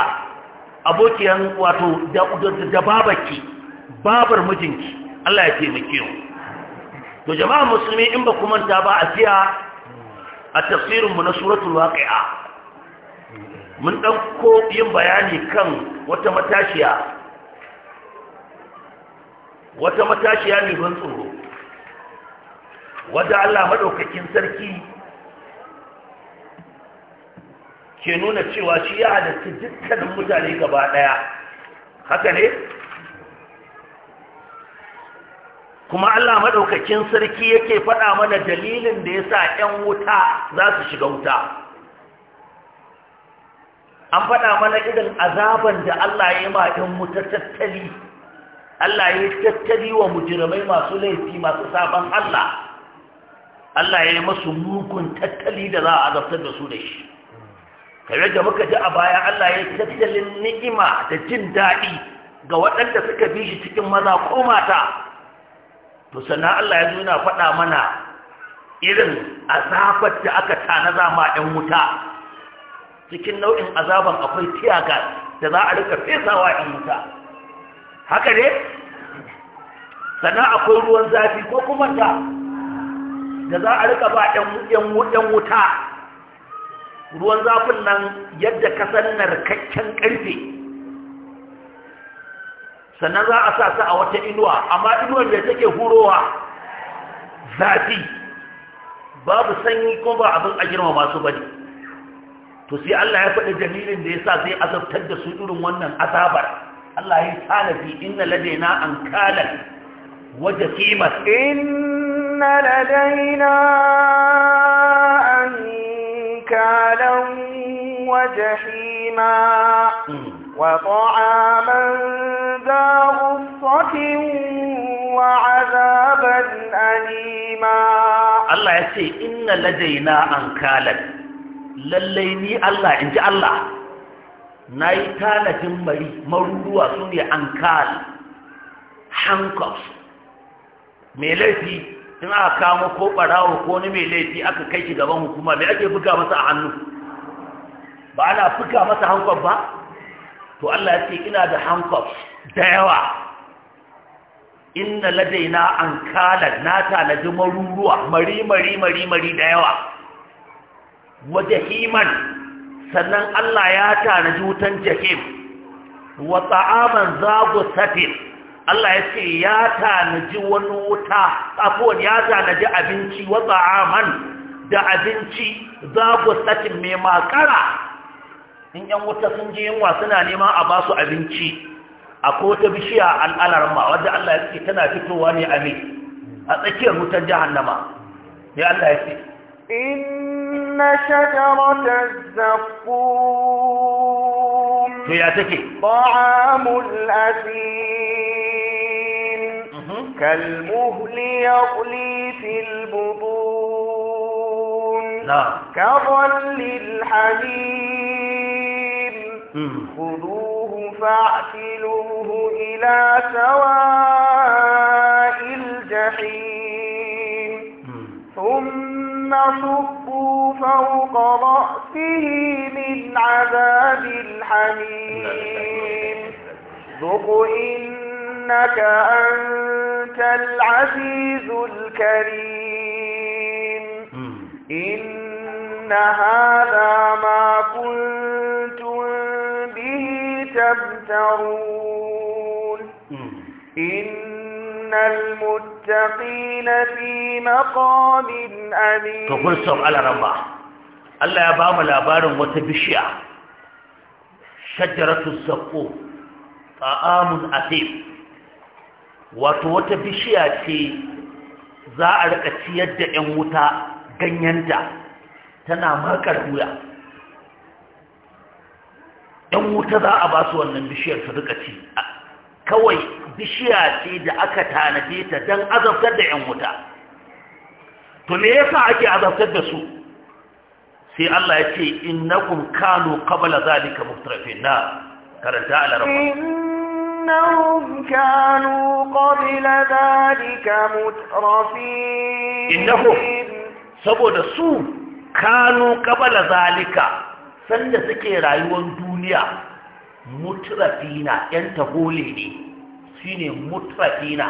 abokiyan wato da babarki babar mijinki Allah ya taimake mu to jama'a musulmi in ba kuma ta ba a siya a tafsirin mu na suratul waqi'a mun dan ko yin bayani kan wata matashiya wata matashiya ne ban tsoro wanda Allah madaukakin sarki ke nuna cewa shi ya halatta dukkanin mutane gaba ɗaya haka ne kuma Allah maɗaukakin sarki yake faɗa mana dalilin da ya sa ‘yan wuta za su shiga wuta an faɗa mana irin azaban da Allah ya yi ma ‘yan wuta tattali Allah ya yi tattali wa mujirmai masu laifi masu sabon Allah Allah ya yi masu mugun tattali da za a azabtar da su da shi kamar da muka ji a baya Allah ya tattalin ni'ima da jin daɗi ga waɗanda suka bi shi cikin maza ko mata to sannan Allah ya nuna faɗa mana irin azabar da aka tana ma ɗan wuta cikin nau'in azaban akwai tiyaga da za a rika fesawa ɗan wuta haka ne sannan akwai ruwan zafi ko kuma da za a rika ba ɗan wuta ruwan zafin nan yadda ka san narkakken ƙarfe, sannan za a sa su a wata inuwa amma inuwar da take hurowa zafi babu sanyi ko ba abin a girma masu bane to sai Allah ya faɗi dalilin da ya sa zai azabtar da su irin wannan azabar Allah ya tanafi inna ladaina ankalan wa jakimat inna ladaina وجحيما وطعاما ذا غصة وعذابا أليما الله يسي إن لدينا أنكالا لليني الله إن الله نايتالة مري مروة سني أنكال handcuffs mai laifi in aka kamo ko ɓarawo ko wani mai laifi aka kai shi gaban hukuma mai ake buga masa a hannu ba ana fuka masa hankon ba to Allah ya ce ina da hankon da yawa inna ladaina na kalar na tanaji maruruwa mari mari mari mari da yawa waje himan sannan Allah ya tanadi wutan jahim wa ta'aman zagu satin Allah ya ce ya tanaji wani wuta afuwan ya tanaji abinci wa ta'aman da abinci zagu satin mai makara in yan wuta sun je yunwa suna nema a ba su abinci a ko kota bishiya al'alar ma wadda Allah ya ce tana fitowa ne a mai a tsakiyar wutar jahannama ya Allah ya ce inna shajarataz zaqum to ya take ta'amul asin mm-hmm. kalmuhli yaqli fil butun na kawal lil hamim خذوه فاعتلوه إلى سواء الجحيم ثم صبوا فوق رأسه من عذاب الحميم ذق إنك أنت العزيز الكريم إن إن هذا ما كنتم به تبترون إن المتقين في مقام أمين تقول سوء على رمى الله يبام الأبار وتبشع شجرة الزقوم طعام أثيم وتوتبشع في za a rika ciyar da 'yan wuta ganyenta tana makar wuya yan wuta za a ba su wannan bishiyar su rika ci kawai bishiya ce da aka tanade ta don azabtar da yan wuta to me yasa ake azabtar da su sai Allah ya ce innakum kanu qabla zalika muftarifin na karanta ala إنهم كانوا قبل ذلك مترفين إنهم سبب سوء kanu kabala zalika sanda suke rayuwar duniya mutrafina yan tagole ne shine mutrafina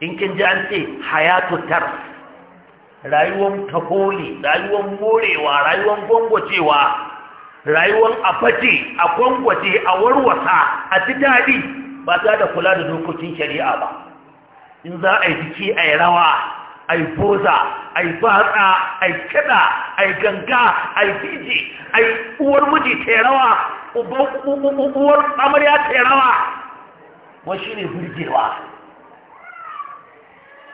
in kin ji an ce hayatu tar rayuwar tagole rayuwar morewa rayuwar gwangwacewa rayuwar a a gwangwace a warwasa a ci daɗi ba ta da kula da dokokin shari'a ba in za a yi jiki a yi rawa ai boza ai batsa ai kiɗa ai ganga ai fiji, ai uwar miji ta rawa uwar amarya ta rawa wa shi burgewa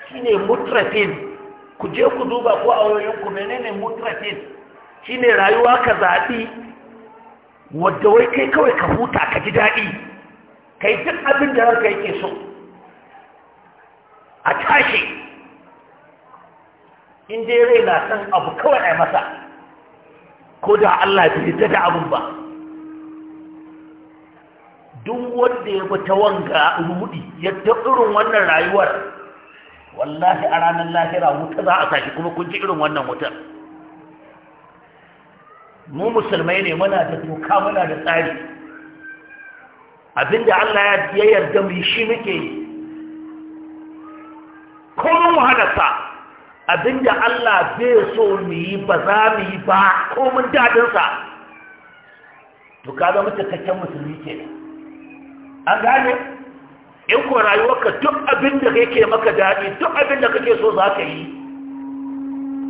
shi ne mutrafin ku je ku duba ko a wayoyinku menene mutrafin shi ne rayuwa ka zaɓi wadda wai kai kawai ka huta ka ji daɗi kai duk abin da ranka yake so a tashi in dai rai na san abu kawai a masa ko da Allah bai ta da abun ba duk wanda ya bi ta wanga rumudi ya ta irin wannan rayuwar wallahi a ranar lahira wuta za a sashi kuma kun ji irin wannan wutar mu musulmai ne muna da doka muna da tsari abinda Allah ya yarda mu shi muke yi mu hadasa abinda Allah bai so mu yi ba za mu yi ba ko mun dadin sa to ka zama cikakken musulmi ke an gane in ko rayuwarka duk abin abinda kake maka dadi duk abin abinda kake so za ka yi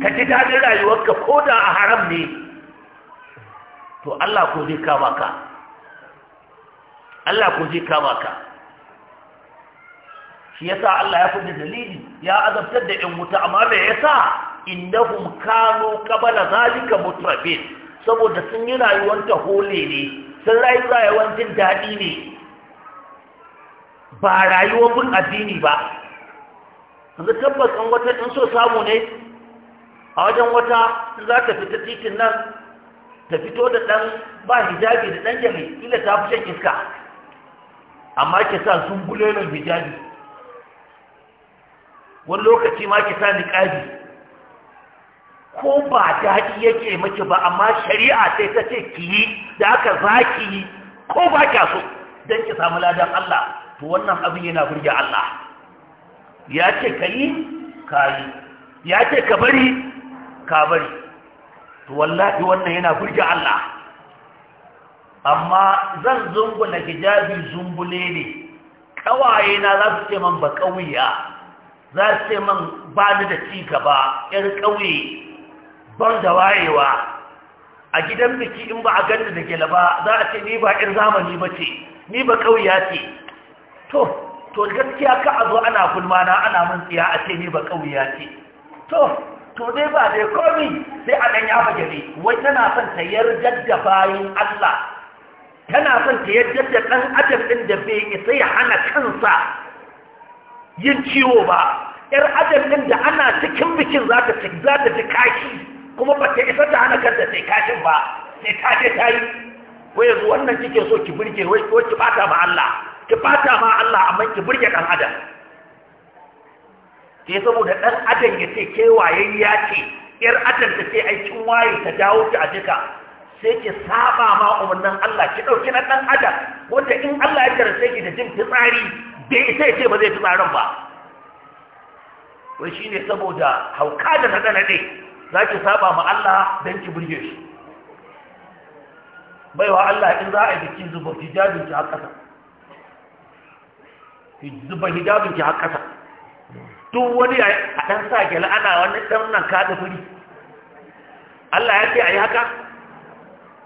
ka ji dadin rayuwarka ko da a haram ne to Allah ko zai kama ka Allah ko zai kama ka shi yasa Allah ya fadi dalili ya azabtar da ƴan wuta amma me yasa innahum kanu qabala zalika mutrafin saboda sun yi rayuwar ta hole ne sun rayu rayuwar jin daɗi ne ba rayuwar bin addini ba yanzu tabbas an wata in so samu ne a wajen wata za ta fita titin nan ta fito da ɗan ba hijabi da ɗan jami ila ta fi shan iska amma ke sa sun bulelon hijabi wani lokaci ma ki sa niƙabi ko ba daɗi yake miki ba amma shari'a sai ta ce ki yi da aka za ki yi ko ba kya so don ki samu ladan Allah to wannan abin yana burge Allah ya ce ka yi ka yi ya ce ka bari ka bari to wallahi wannan yana burge Allah amma zan zungula hijabi zumbule ne kawaye na za su ce man ba kauya za su ce man ba ni da ci gaba yar ƙauye ban da wayewa a gidan biki in ba a ganda da gela ba za a ce ni ba ƴar zamani ba ce ni ba ƙauya ce to to gaskiya ka a zo ana gulmana ana mun tsiya a ce ni ba ƙauya ce to to dai ba dai komi sai a ɗan ba gari wai tana son ta yarda da bayan Allah tana son ta yarda da ɗan adam ɗin da bai isa ya hana kansa yin ciwo ba ‘yar adam ɗin da ana cikin bikin za ta ji kashi kuma ba ta isa ta hana kanta sai kashin ba sai ta ce ta yi wai yanzu wannan kike so ki burge wai ko ki bata ma Allah ki bata ma Allah amma ki burge dan adam sai saboda dan adam ya ce ke wayen ya ce yar adam ta ce ai kin waye ta dawo ki a jika sai ki saba ma umarnin Allah ki dauki na dan adam wanda in Allah ya tarse ki da jin fitsari da ita ya ce ba zai fi tsarin ba wai shi ne saboda hauka da naɗe ne, za ki saba ma Allah don ki burge shi baiwa Allah in za a yi bikin zuba hijabinki a ƙasa zuba hijabinki a ƙasa duk wani a ɗan sa ke la'ana wani ɗan nan da furi Allah ya ce a yi haka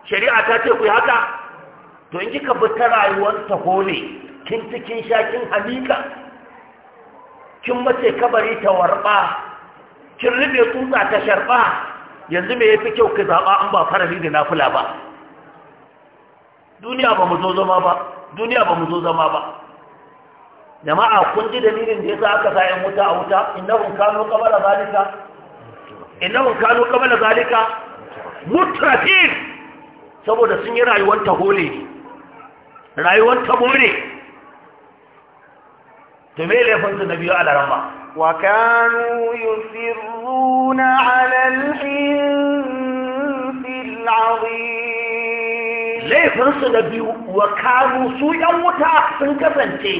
shari'a ta ce ku yi haka to in kika bi ta rayuwar ta ne? kin ci kin sha kin halika kin mace kabari ta warba kin rube tsutsa ta sharba yanzu me yafi kyau ka zaba an ba farali da nafila ba duniya ba mu zo zama ba duniya ba mu zo zama ba jama'a kun ji dalilin da yasa aka sa yan wuta a wuta innahum kanu qabala zalika innahum kanu qabala zalika mutrafin saboda sun yi rayuwar ta hole rayuwar ta more to me laifin su na biyu a laramba wa kanu yusirruna ala al azim laifin su na biyu wa kanu su yan wuta sun kasance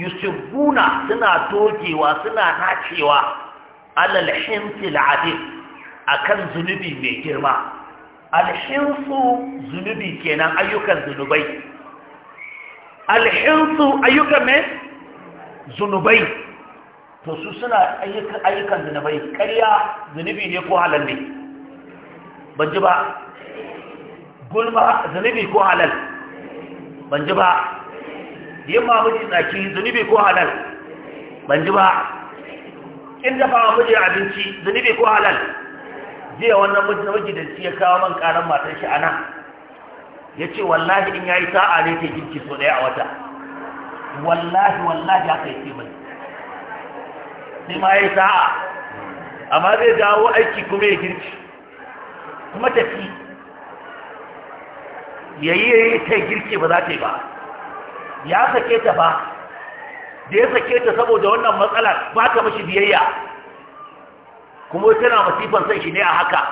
yusirruna suna tokewa suna tacewa ala al-hinsil akan zunubi mai girma alhinsu zunubi kenan ayyukan zunubai alhinsu ayyukan mai zunubai to su suna ayyukan zunubai ƙarya zunubi ne ko halal ne ban ji ba gulma zunubi ko halal ban ji ba yin mamuji tsaki zunubi ko halal ban ji ba in dafa mamuji abinci zunubi ko halal jiya wannan mamuji da ya kawo man karan matar shi a nan ya ce wallahi in ya yi sa'a ne ke girki so ɗaya a wata wallahi wallahi haka yake mai sai ma ya sa'a amma zai dawo aiki kuma ya girki kuma tafi yayi yayi ta girki ba za ta yi ba ya sake ta ba da ya sake ta saboda wannan matsalar ba ta mashi biyayya kuma tana masifan san shi ne a haka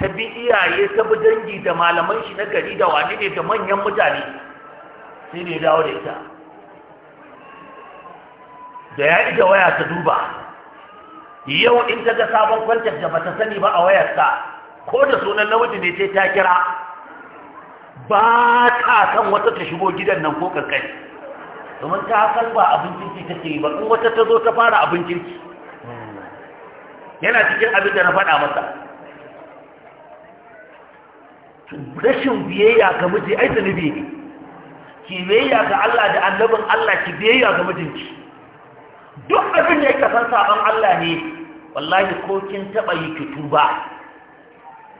ta bi iyaye ta bi dangi da malaman shi na gari da wani ne da manyan mutane sai ne dawo da ita da ya da waya ta duba yau in ta ga sabon kwantar da bata sani ba a wayarsa ko da sunan namiji ne sai ta kira ba ta kan wata ta shigo gidan nan ko kankani domin ta san ba abincin ta ke ba in wata ta zo ta fara abincin ki yana cikin abin da na faɗa masa rashin biyayya ga miji ai ne ki biyayya ga Allah da annabin Allah ki biyayya ga mijinki duk abin da ya kasan sabon Allah ne wallahi ko kin taba yi ba.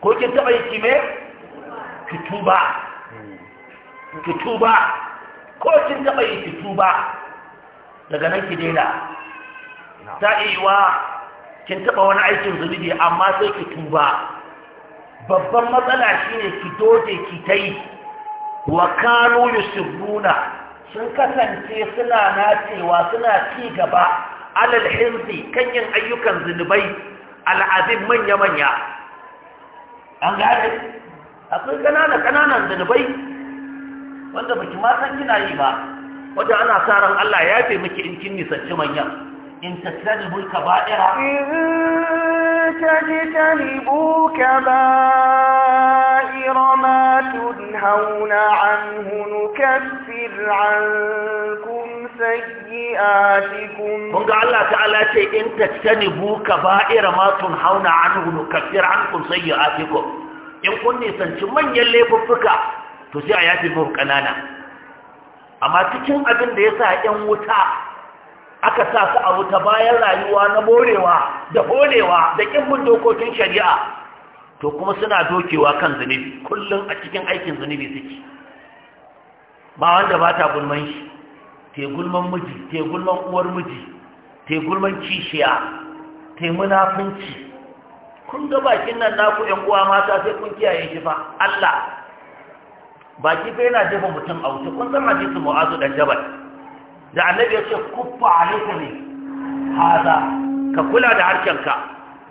ko kin taba yi kime Kitu ba. ko kin taba yi ba, daga nan ki daina ta iwa kin taba wani aikin zulubi amma sai kitu ba. babban matsala shine ki doje ki tai wa kanu yusibuna sun kasance suna nacewa suna ci gaba alal hinsi kan yin ayyukan zunubai al'azim manya-manya an gane akwai ƙananan-ƙananan zunubai wanda ba ki san kina yi ba Wadda ana sa ran Allah ya fi miki in kin nisanci manyan إن تجتنبوا الكبائر إن تجتنبوا كبائر ما تنهون عنه نكفر عنكم سيئاتكم قال الله تعالى إن تجتنبوا كبائر ما تنهون عنه نكفر عنكم سيئاتكم إن كنت تنشمن يلي بفكا تسيئاتكم كنانا أما تكون أبن ديسا إن وتا aka sa su a wuta bayan rayuwa na morewa da holewa da ƙimbin dokokin shari'a to kuma suna dokewa kan zunubi kullum a cikin aikin zunubi suke ba wanda ba ta gulman shi te gulman miji te gulman uwar miji te gulman kishiya te munafunci kun ga bakin nan naku yan uwa mata sai kun kiyaye shi fa Allah baki fa yana jefa mutum a wuta kun san hadisi Mu'azu dan Jabal da annabi ya ce kuffa alaika ne hada ka kula da harkanka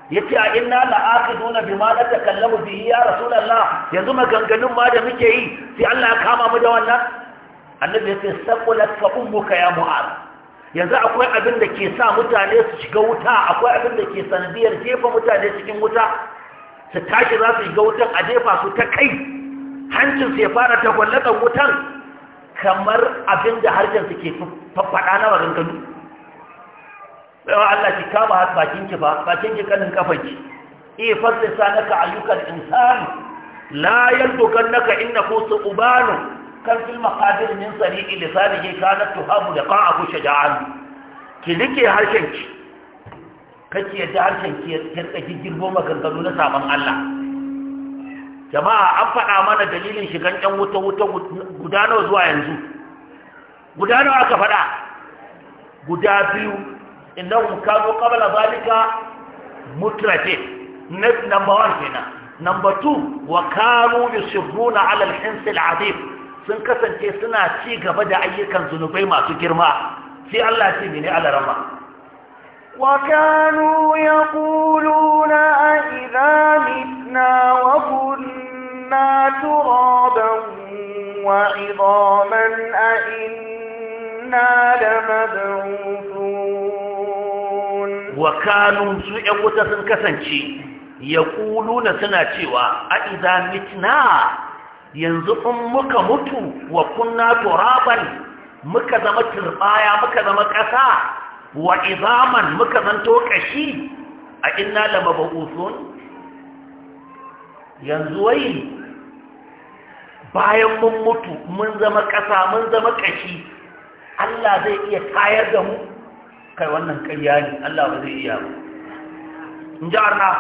yace a inna aqiduna bima la takallamu bihi ya rasulullah yanzu maganganun ma da muke yi sai Allah ya kama mu da wannan annabi yace ce saqulat fa ummuka ya mu'ad yanzu akwai abin da ke sa mutane su shiga wuta akwai abin da ke sanadiyar jefa mutane cikin wuta su tashi za su shiga wutan a jefa su ta kai hancin su ya fara ta tagwallakan wutan kamar abin da harshen suke faɗa na kanu yawa Allah ki kama har bakin ki ba bakin ki kanin kafar ki eh, fasa sa naka ayyukan insani la ko innahu subanu kan fil maqadir min sari'i lisanihi kanat tuhabu liqa'ahu shaja'an ki rike harshen ki kake yadda harshen ki ya tsaki girbo maganganu na saban Allah jama'a an faɗa mana dalilin shigan ƴan wuta-wuta guda nawa zuwa yanzu guda nawa aka faɗa guda biyu innahum kanu qabla zalika mutrafe number one kenan number two wa kanu yusirruna ala al-hins al sun kasance suna ci gaba da ayyukan zunubai masu girma sai Allah ya ce mene alarama rama وكانوا يقولون أئذا متنا وكنا ترابا وعظاما أئنا لمبعوثون وكانوا سوء وتسن كسنشي يقولون سناتيوا أئذا متنا ينزق مك متو وكنا ترابا muka zama turbaya muka zama ƙasa wa izaman muka zanto kashi a inna lamabu'usun yanzu wai bayan mun mutu mun zama ƙasa mun zama kashi Allah zai iya tayar da mu kai wannan ƙarya ne Allah ba zai iya ba in ji arna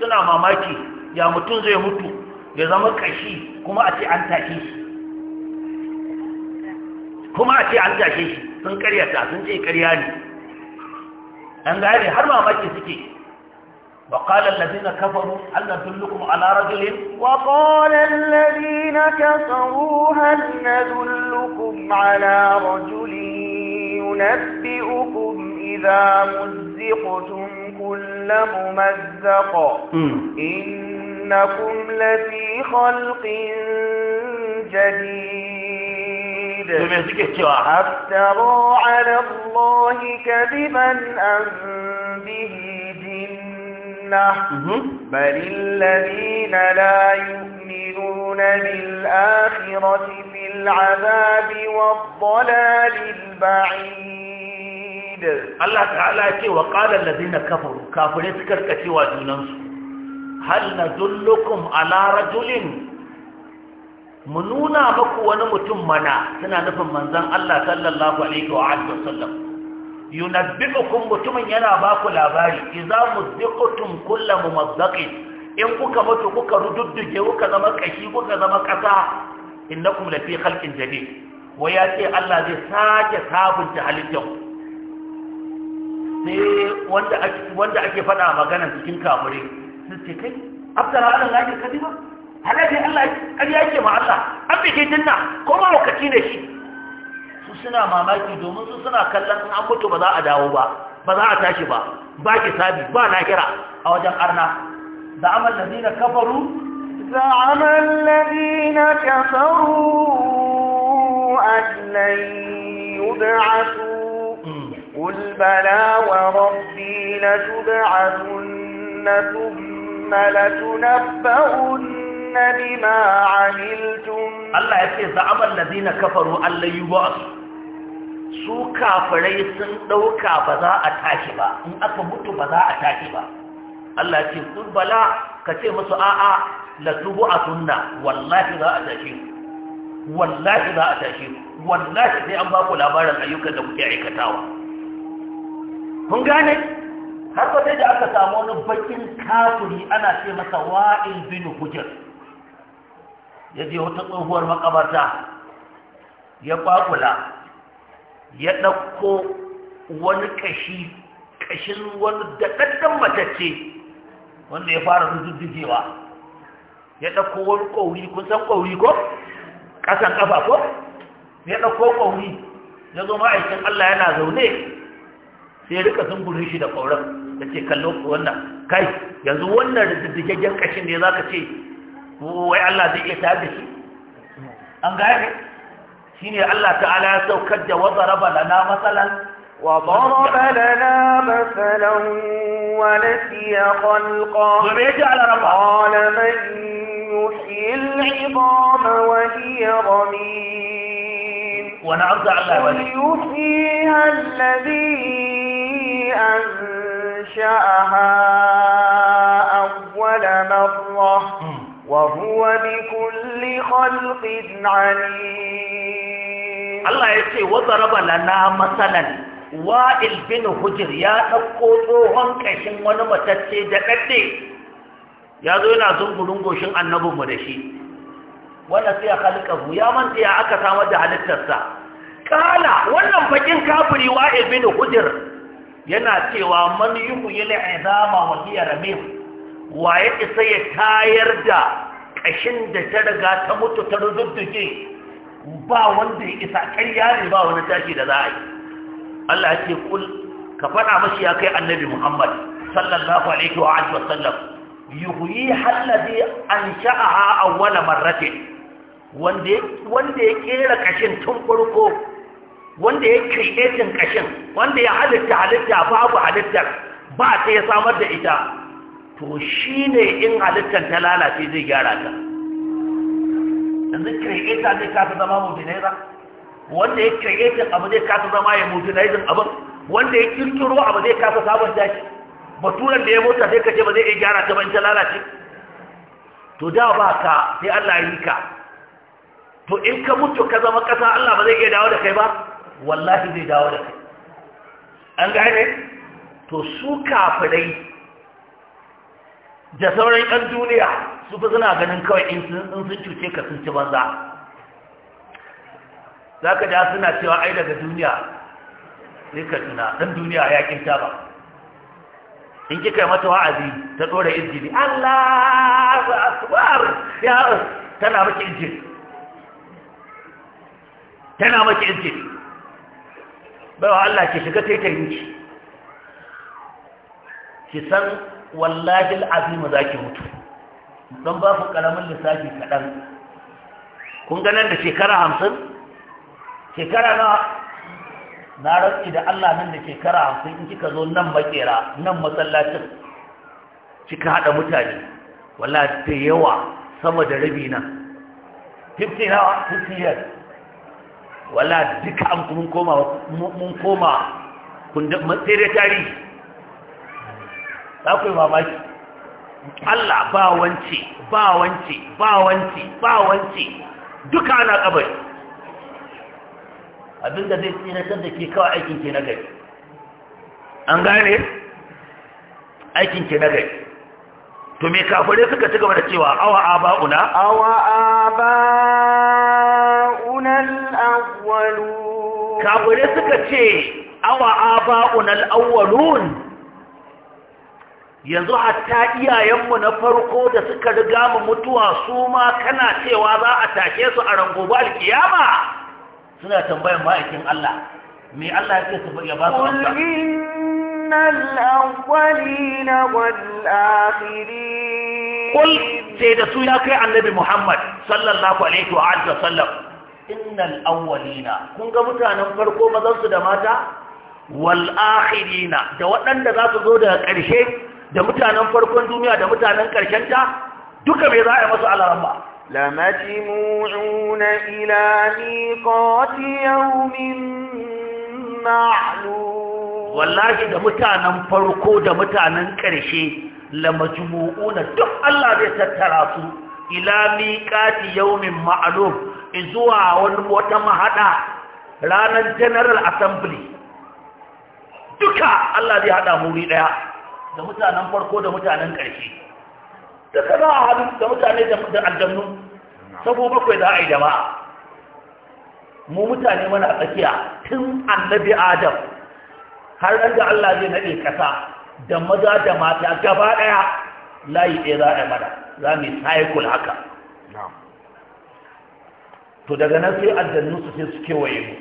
suna mamaki ya mutum zai mutu ya zama kashi kuma a ce an tashe shi kuma a ce an tashe shi sun karyata sun ce karya ne an gane har mamaki suke وقال الذين كفروا هل ندلكم على رجل وقال الذين كفروا هل ندلكم على رجل ينبئكم إذا مزقتم كل ممزق إنكم لفي خلق جديد أفتروا على الله كذبا أم به جنة بل الذين لا يؤمنون بالآخرة في العذاب والضلال البعيد الله تعالى وقال الذين كفروا كافرين سكركتوا دونهم هل ندلكم على رجل mu nuna maku wani mutum mana suna nufin manzon Allah sallallahu alaihi wa alihi wasallam yunabbi'ukum mutumin yana baku ku labari idza muddiqtum mu mumazzaqin in kuka mutu kuka rududduge kuka zama kashi kuka zama kasa innakum lafi khalqin jadid wa ya ce Allah zai sake sabunta halittar sai wanda ake wanda ake faɗa magana cikin kafirai su ce kai after Allah ya kadi ba halaji Allah ƙarya yake ma Allah an bige dinna ko ma lokaci ne shi su suna mamaki domin su suna kallon an mutu ba za a dawo ba ba za a tashi ba ba sabi ba na kira a wajen arna da amal ladina kafaru da amal ladina kafaru allan yub'athu قل بلى وربي لتبعثن ثم لتنبؤن بما عملتم الله يكي زعم الذين كفروا أن لا يبعثوا su kafirai sun ɗauka ba za a tashi ba in aka mutu ba za a tashi ba Allah ce kun bala ka ce musu a'a la tubu a sunna wallahi za a tashi wallahi za a tashi wallahi sai an ba labarin ayyukan da kuke aikatawa kun gane har sai da aka samu wani bakin kafuri ana ce masa wa'in bin hujjar ya je wata tsohuwar makabarta ya kwakula ya ɗauko wani kashi kashin wani daɗaɗɗen matacce wanda ya fara rujujjujewa ya ɗauko wani ƙauri kun san ƙauri ko ƙasan ƙafa ko ya ɗauko ƙauri ya zo ma'aikin Allah yana zaune sai rika zungurin shi da ƙauran da ce kallon wannan kai yanzu wannan rujujjujen kashin ne za ka ce wai Allah zai iya tayar da shi an gane shine Allah ta'ala ya saukar da wa daraba lana masalan wa daraba lana masalan wa nasiya khalqa to me yake Allah rabba qala man yuhyi al-'idama wa hiya ramim wa na'udhu Allah wa yuhyiha alladhi ansha'aha awwala marrah وهو بكل خلق عليم الله يتي وضرب لنا مثلا wa'il bin hujir ya ɗauko tsohon ƙashin wani matacce da ɗaɗe ya zo yana zungurin goshin annabinmu da shi wanda sai halkahu ya manta ya aka samar da halittarsa kala wannan bakin kafiri wa'il bin hujir yana cewa man yuhu yi la'izama wa hiya ramim waye isa ya tayar da ƙashin da ta riga ta mutu ta rududduke ba wanda ya isa ƙarya ne ba wani tashi da za a yi Allah ce kul ka faɗa mashi ya kai annabi Muhammad sallallahu alaihi wa alihi wasallam yuhyi allazi ansha'aha awwal marratin wanda wanda ya kera kashin tun farko wanda ya creating kashin wanda ya halitta halitta babu halittar ba sai ya samar da ita to shi ne in halittar ta lalace zai gyara ta yanzu creator zai kasa zama mutinaiza wanda ya creator abu zai kasa zama ya mutinaizin abin wanda ya kirkiro abu zai kasa sabon daki baturan da ya mota zai kace ba zai iya gyara ta ban ta lalace to da ba ka sai Allah ya yi ka to in ka mutu ka zama kasa Allah ba zai iya dawo da kai ba wallahi zai dawo da kai an gane to su kafirai da sauran 'yan duniya su fi suna ganin kawai in sun cuce ka sun ci banza za ka da suna cewa ai daga duniya sai ka tuna ɗan duniya ya kinta ba in kika yi mata wa'azi ta ɗora injini Allah akbar ya tana maki injini tana maki injini bai wa Allah ke shiga taitayin ki san wallahi al'azim za ki mutu don ba ku karamin lissafi kaɗan kun ganin da shekara hamsin shekara na na rantsi da Allah nan da shekara hamsin in kika zo nan makera nan masallacin kika haɗa mutane wallahi da yawa sama da rabi nan 50 hawa 50 years wallahi duka an kuma koma mun koma kun da tsere tarihi za ku yi mamaki Allah ba wance ba wance ba wance ba wance duka ana kabari abinda zai tsinatar da ke kawai aikin ke na gari an gane aikin ke na gari to me kafare suka ci gaba da cewa awa aba'una awa aba'una al-awwalun Kafare suka ce awa aba'una al-awwalun yanzu hatta iyayenmu na farko da suka riga mu mutuwa su ma kana cewa za a tashe su a rangobu alkiyama suna tambayan ma'aikin Allah me Allah yake su ya ba su amsa innal kul sai da su ya kai annabi Muhammad sallallahu alaihi wa alihi kun ga mutanen farko mazan su da mata wal da waɗanda za su zo daga ƙarshe da mutanen farkon duniya da mutanen ƙarshen ta duka mai za a yi masu alaramba لمجموعون إلى ميقات يوم معلوم والله da mutanen farko da mutanen ƙarshe lamajmu'una duk Allah zai tattara su ila miqati yawmin ma'lum zuwa wani wata mahaɗa, ranar general assembly duka Allah zai haɗa muri ɗaya. da mutanen farko da mutanen ƙarshe da kaza a hadu da mutane da aljannu sabo bakwai za a yi jama'a mu mutane mana tsakiya tun annabi adam har ɗan da Allah zai naɗe ƙasa da maza da mata gaba ɗaya layi ɗaya za a mana za mu yi cycle haka to daga nan sai aljannu su sai su kewaye mu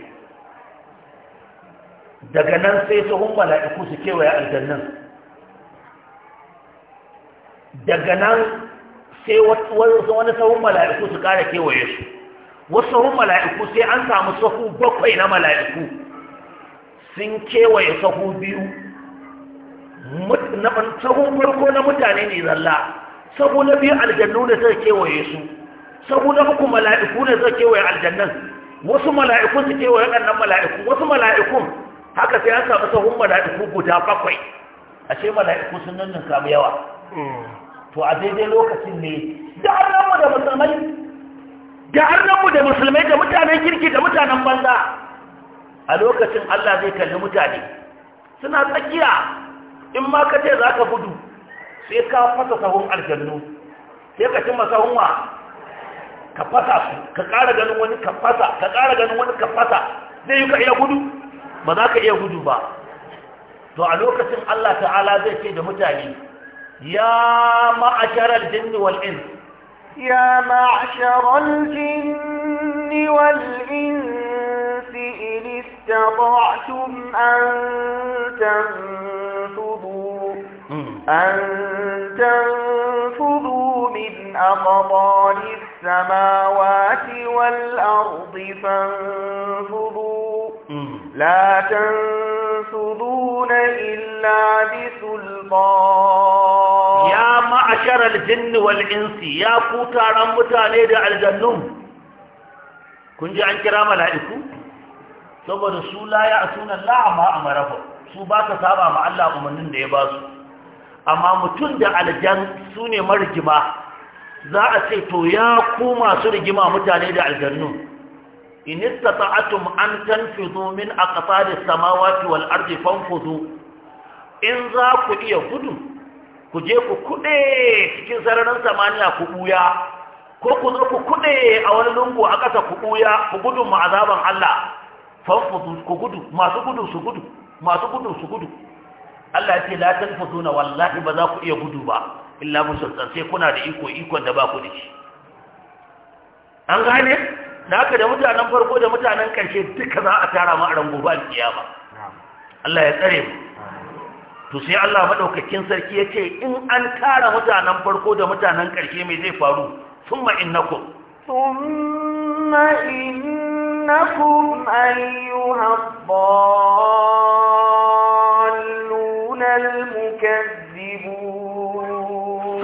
daga nan sai tsohon mala'iku su kewaye aljannun daga nan sai wani sahun mala'iku su ƙara kewaye su wasu sahun mala'iku sai an samu sahu bakwai na mala'iku sun kewaye sahu biyu sahun farko na mutane ne zalla sahu na biyu aljannu ne zai kewaye su sahu na uku mala'iku ne zai kewaye aljannan wasu mala'ikun su kewaye waɗannan mala'iku wasu mala'ikun haka sai an samu sahun mala'iku guda bakwai ashe mala'iku sun nannin samu yawa to a daidai lokacin ne da annanmu da musulmai da annanmu da musulmai da mutanen kirki da mutanen banza a lokacin Allah zai kalli mutane suna tsakiya in ma ka ce za ka gudu sai ka fasa sahun aljannu sai ka cimma sahun wa ka fasa su ka ƙara ganin wani ka fasa ka ƙara ganin wani ka fasa zai yi ka iya gudu ba za ka iya gudu ba to a lokacin Allah ta'ala zai ce da mutane يا معشر الجن والإنس يا معشر الجن والإنس إن استطعتم أن تنفذوا أن تنفذوا من أقطار السماوات والأرض فانفذوا لا تنفذون إلا بسلطان يا معشر الجن والإنس يا فوتارا متانيد على الجنون kun ji an kira mala'iku saboda su la ya sunan la'ama a marafa su ba ka saba ma Allah umarnin da ya ba amma mutum da aljan su ne marigima za a ce to ya ku masu rigima mutane da aljannu in istata'tum an tanfidhu min aqtaris samawati wal ardi fanfudhu in za ku iya gudu ku je ku kuɗe cikin sararin samaniya ku buya ko ku zo ku kuɗe a wani lungu a ƙasa ku buya ku gudu ma azaban Allah fanfudu ku gudu masu gudu su gudu masu gudu su gudu Allah ya ce la tanfuduna wallahi ba za ku iya gudu ba illa musulman sai kuna da iko ikon da ba ku da shi an gane da haka da mutanen farko da mutanen ƙarshe duka za a tara mu a rango ba kiyama Allah ya tsare mu to sai Allah madaukakin sarki ya ce in an tara mutanen farko da mutanen ƙarshe mai zai faru summa innakum summa innakum ayyuha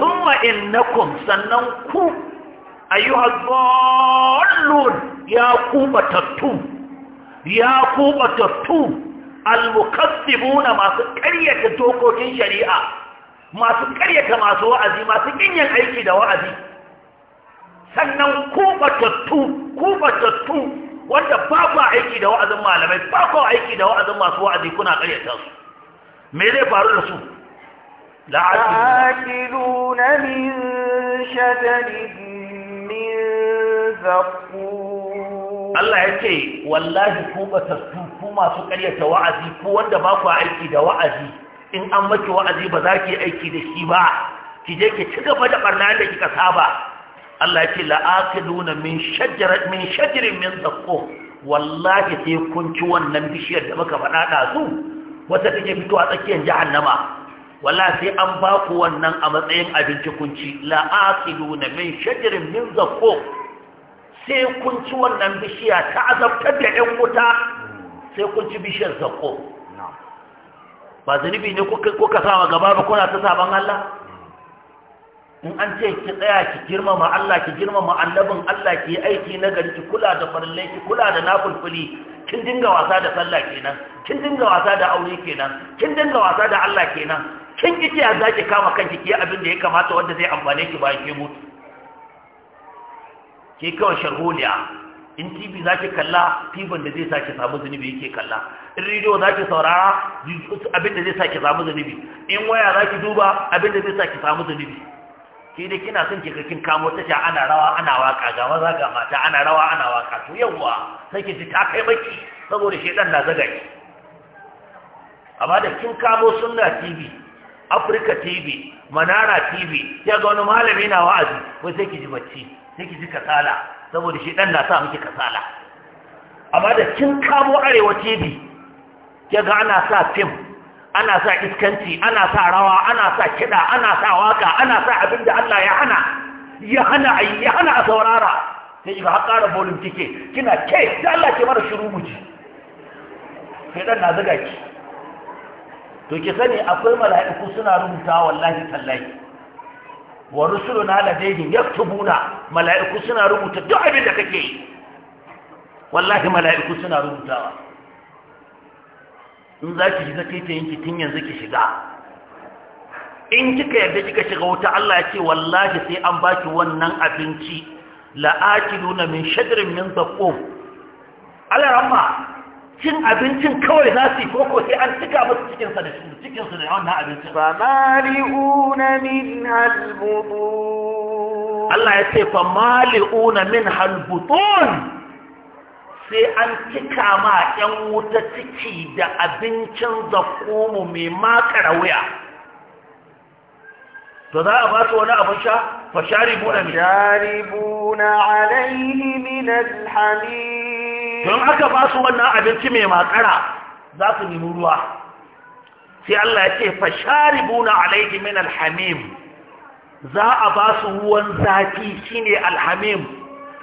almukazzibun summa sannan ku ayyuha dhallun ya ku ya ku batattu masu ƙaryata dokokin shari'a masu ƙaryata masu wa'azi masu yin aiki da wa'azi sannan ku batattu wanda ba ku aiki da wa'azin malamai ba ku aiki da wa'azin masu wa'azi kuna ƙaryata su me zai faru da su la'akiluna min taku Allah ya ce wallahi ku ba ta tuku masu karyata wa'azi ko wanda ba aiki da wa'azi in an maki wa'azi ba za ki aiki da shi ba Kije ki ci gaba da barna da kika saba Allah ya ce la'akiluna min shajarat min shajarin min zakkum wallahi sai kun ci wannan bishiyar da muka faɗa da su wata fito a tsakiyar jahannama wallahi sai an baku wannan a matsayin abinci kun ci la'akiluna min shajarin min zakkum sai kun ci wannan bishiya ta azabtar da ‘yan wuta sai kun ci bishiyar zakko ba zunubi ne kuka sama gaba ba kuna ta sabon Allah in an ce ki tsaya ki girmama Allah ki girmama annabin Allah ki aiki na gari ki kula da farillai ki kula da nafulfuli kin dinga wasa da sallah kenan kin dinga wasa da aure kenan kin dinga wasa da Allah kenan kin kici ya zaki kama kanki ki abin da ya kamata wanda zai amfane ki bayan ki mutu ke kawai sharholiya in tv za ki kalla tibin da zai sake samu zunubi yake kalla in rediyo za ki saurara abin da zai sake samu zunubi in waya za ki duba abin da zai sake samu zunubi ke dai kina son ki kakin kamo tasha ana rawa ana waka ga maza ga mata ana rawa ana waka to yawwa sai ki ji ta kai baki saboda shedan na zaga ki amma da kin kamo sunna tv africa tv manara tv ya ga wani malami na wa'azi wai sai ki ji bacci sai ki ji kasala saboda shi dan na sa miki kasala amma da kin kamo arewa tv ke ga ana sa fim ana sa iskanci ana sa rawa ana sa kiɗa ana sa waka ana sa abin da Allah ya hana ya hana a ya hana a saurara sai ga har ƙara bolin kike kina ke da Allah ke mara shiru muji sai dan na zuga ki to ki sani akwai mala'iku suna rubuta wallahi tallahi wa rusuluna ladayhim yaktubuna mala'iku suna rubuta duk abin da kake yi wallahi mala'iku suna rubutawa in za ki shiga titayen ki tun yanzu ki shiga in kika yarda kika shiga wuta Allah ya ce wallahi sai an baki wannan abinci la'akiluna min shadrin min zaqqum Allah rahma cin abincin kawai za su yi koko sai an cika masu cikinsa da cikinsu da wannan abincin famali'una min halbutun Allah ya ce famali'una min halbutun sai an cika ma 'yan wuta ciki da abincin zakumu mai makara wuya to za a ba su wani abin sha fa sharibu na min sharibu na alaihi min alhamid don aka ba su wannan abinci mai makara za su nemi ruwa sai Allah ya ce fasharibuna alaihi min alhamim za a ba su ruwan zafi shine alhamim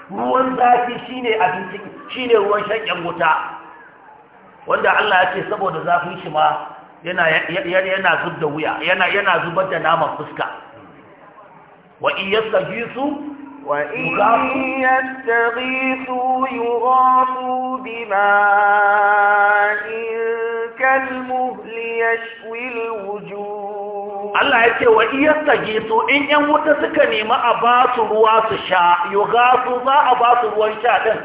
ruwan zafi shine abinci ruwan shanƙen wuta wanda Allah ya ce saboda zafin shi ma yana zub da wuya yana zubar da naman fuska wa in yastajisu Wa Allah ya ce wa iyasta gizo in 'yan wuta suka nemi a ba su ruwa su sha, ya ga su za a ba su ruwan sha ɗin,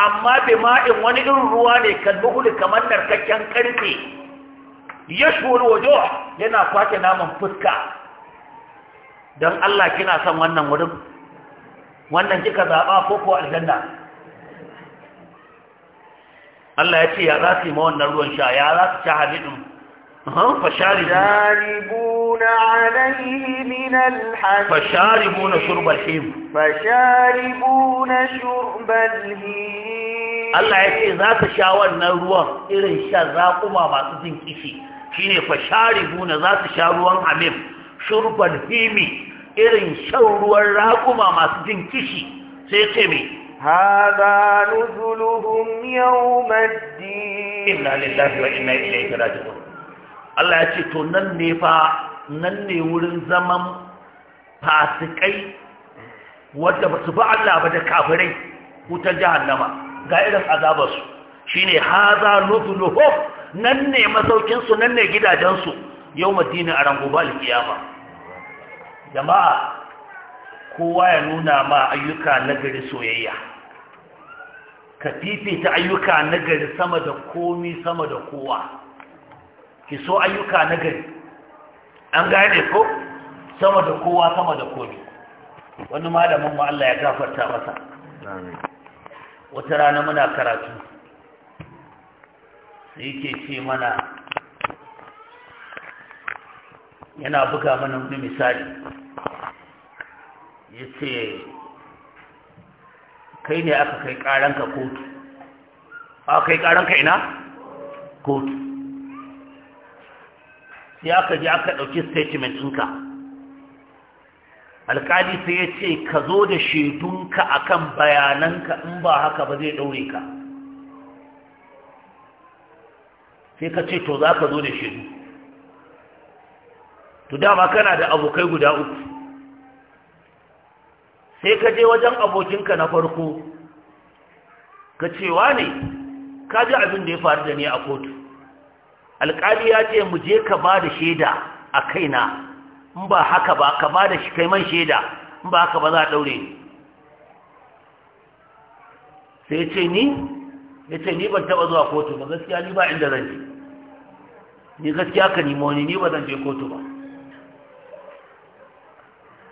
amma bima'in wani irin ruwa ne kalmi kuli kamar narkar ƙanƙarfe. Ya shuwari wajen yana kwashe naman fuska. Don Allah kina son wannan wurin? wannan kika zaɓa ko ko aljanna Allah ya ce ya za su yi ma wannan ruwan sha ya za su sha hadidin فشاربون عليه من الحميم فشاربون شرب الحميم فشاربون شرب الهيم Allah ya ce za su sha wannan ruwan irin sha za kuma masu jin kishi Fashari buna za su sha ruwan hamim shurban himi irin shan ruwan raƙuma masu jin kishi sai ce mai haza yau maddi inna lillahi wa inna ilaihi raji'un Allah ya ce to nan ne fa nan ne wurin zaman fasikai wadda ba su ba Allah ba da kafirai wutar nama. ga irin azabarsu shine haza nuzuluhum nan ne masaukinsu nan ne gidajensu maddini a rangobar kiyama jama'a kowa ya nuna ma ayyuka nagari soyayya ka fifita ayyuka nagari sama da komi sama da kowa ki so ayyuka nagari an gane ko sama da kowa sama da komi wani malamin mu Allah ya gafarta masa wata rana muna karatu sai yake ce mana yana buga mana wani misali ya ce kai ne aka kai karanka kotu aka kai karanka ina kotu sai aka ji aka ɗauki statement ɗinka alkali sai ya ce ka zo da shaidunka akan bayananka in ba haka ba zai ɗaure ka sai ka ce to za ka zo da shaidunka. to dama kana da abokai guda uku sai ka je wajen abokinka na farko ka cewa ne ka ji abin da ya faru da ni a kotu alƙali ya ce mu je ka ba da shaida a kaina in ba haka ba ka ba da shi kai man shaida in ba haka ba za a ɗaure ni sai ce ni ya ce ni ban taɓa zuwa kotu ba gaskiya ni ba inda zan je ni gaskiya ka nemo ni ni ba zan je kotu ba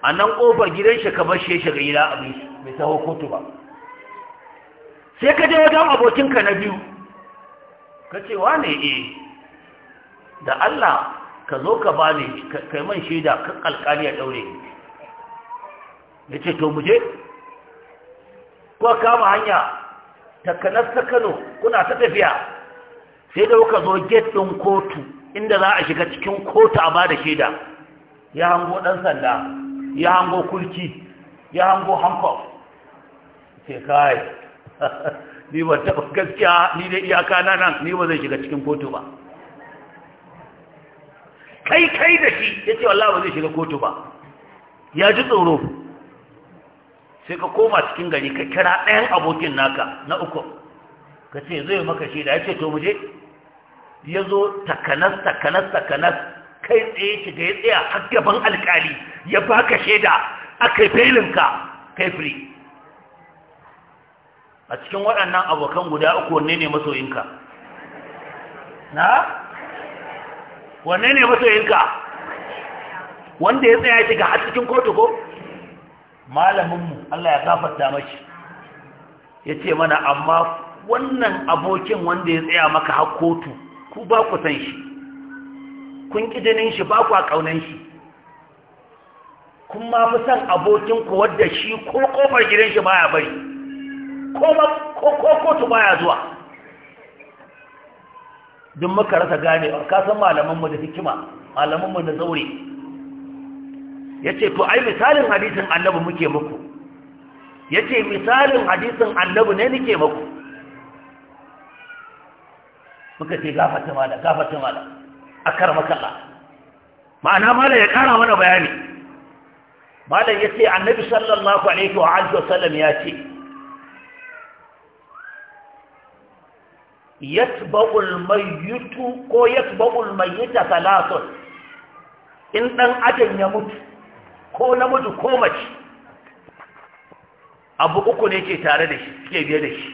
a nan ƙofar gidan shi bashe shi ga ila gida bai mai taho kotu ba sai ka je wajen abokinka na biyu ka ce wa ne e eh, da Allah ka zo ka ba ne man shaida kan alkali a ɗaure ya ce to muje je kama hanya kanar ta Kano kuna ta tafiya sai da kuka zo get ɗin kotu inda za a shiga cikin kotu a ba da shaida ya hango ɗan sanda ya hango kulki ya hango hankof ke kai ni ba taɓa gaskiya ni dai iyaka na nan ni ba zai shiga cikin kotu ba kai kai da shi ya ce wallah ba zai shiga kotu ba ya ji tsoro sai ka koma cikin gari ka kira ɗayan abokin naka na uku ka ce zai maka shi da ya ce to mu je ya zo takanas takanas takanas kai tsaye shiga ya tsaya har gaban alkali ya baka shaida aka failinka kai firi a cikin waɗannan abokan guda uku wanne ne masoyinka na wanne ne masoyinka wanda ya tsaya shiga har cikin kotu ko malaminmu Allah ya gafarta mashi ya ce mana amma wannan abokin wanda ya tsaya maka har kotu ku ba ku san shi kun ƙi shi ba ku a ƙaunan shi kun ma fi san abokin ku wadda shi ko kofar gidan shi baya bari ko kotu baya zuwa Don muka rasa gane ka san malamanmu da hikima malamanmu da zaure ya ce to ai misalin hadisin annabi muke muku ya ce misalin hadisin annabi ne nike muku muka ce gafata mala gafata mala a kar makalla ma'ana mala ya kara mana bayani malam ya ce annabi sallallahu alaihi wa alihi ya ce yatba'ul mayyitu ko yatba'ul mayyita thalathun in ɗan adam ya mutu ko namiji ko mace abu uku ne ke tare da shi ke biye da shi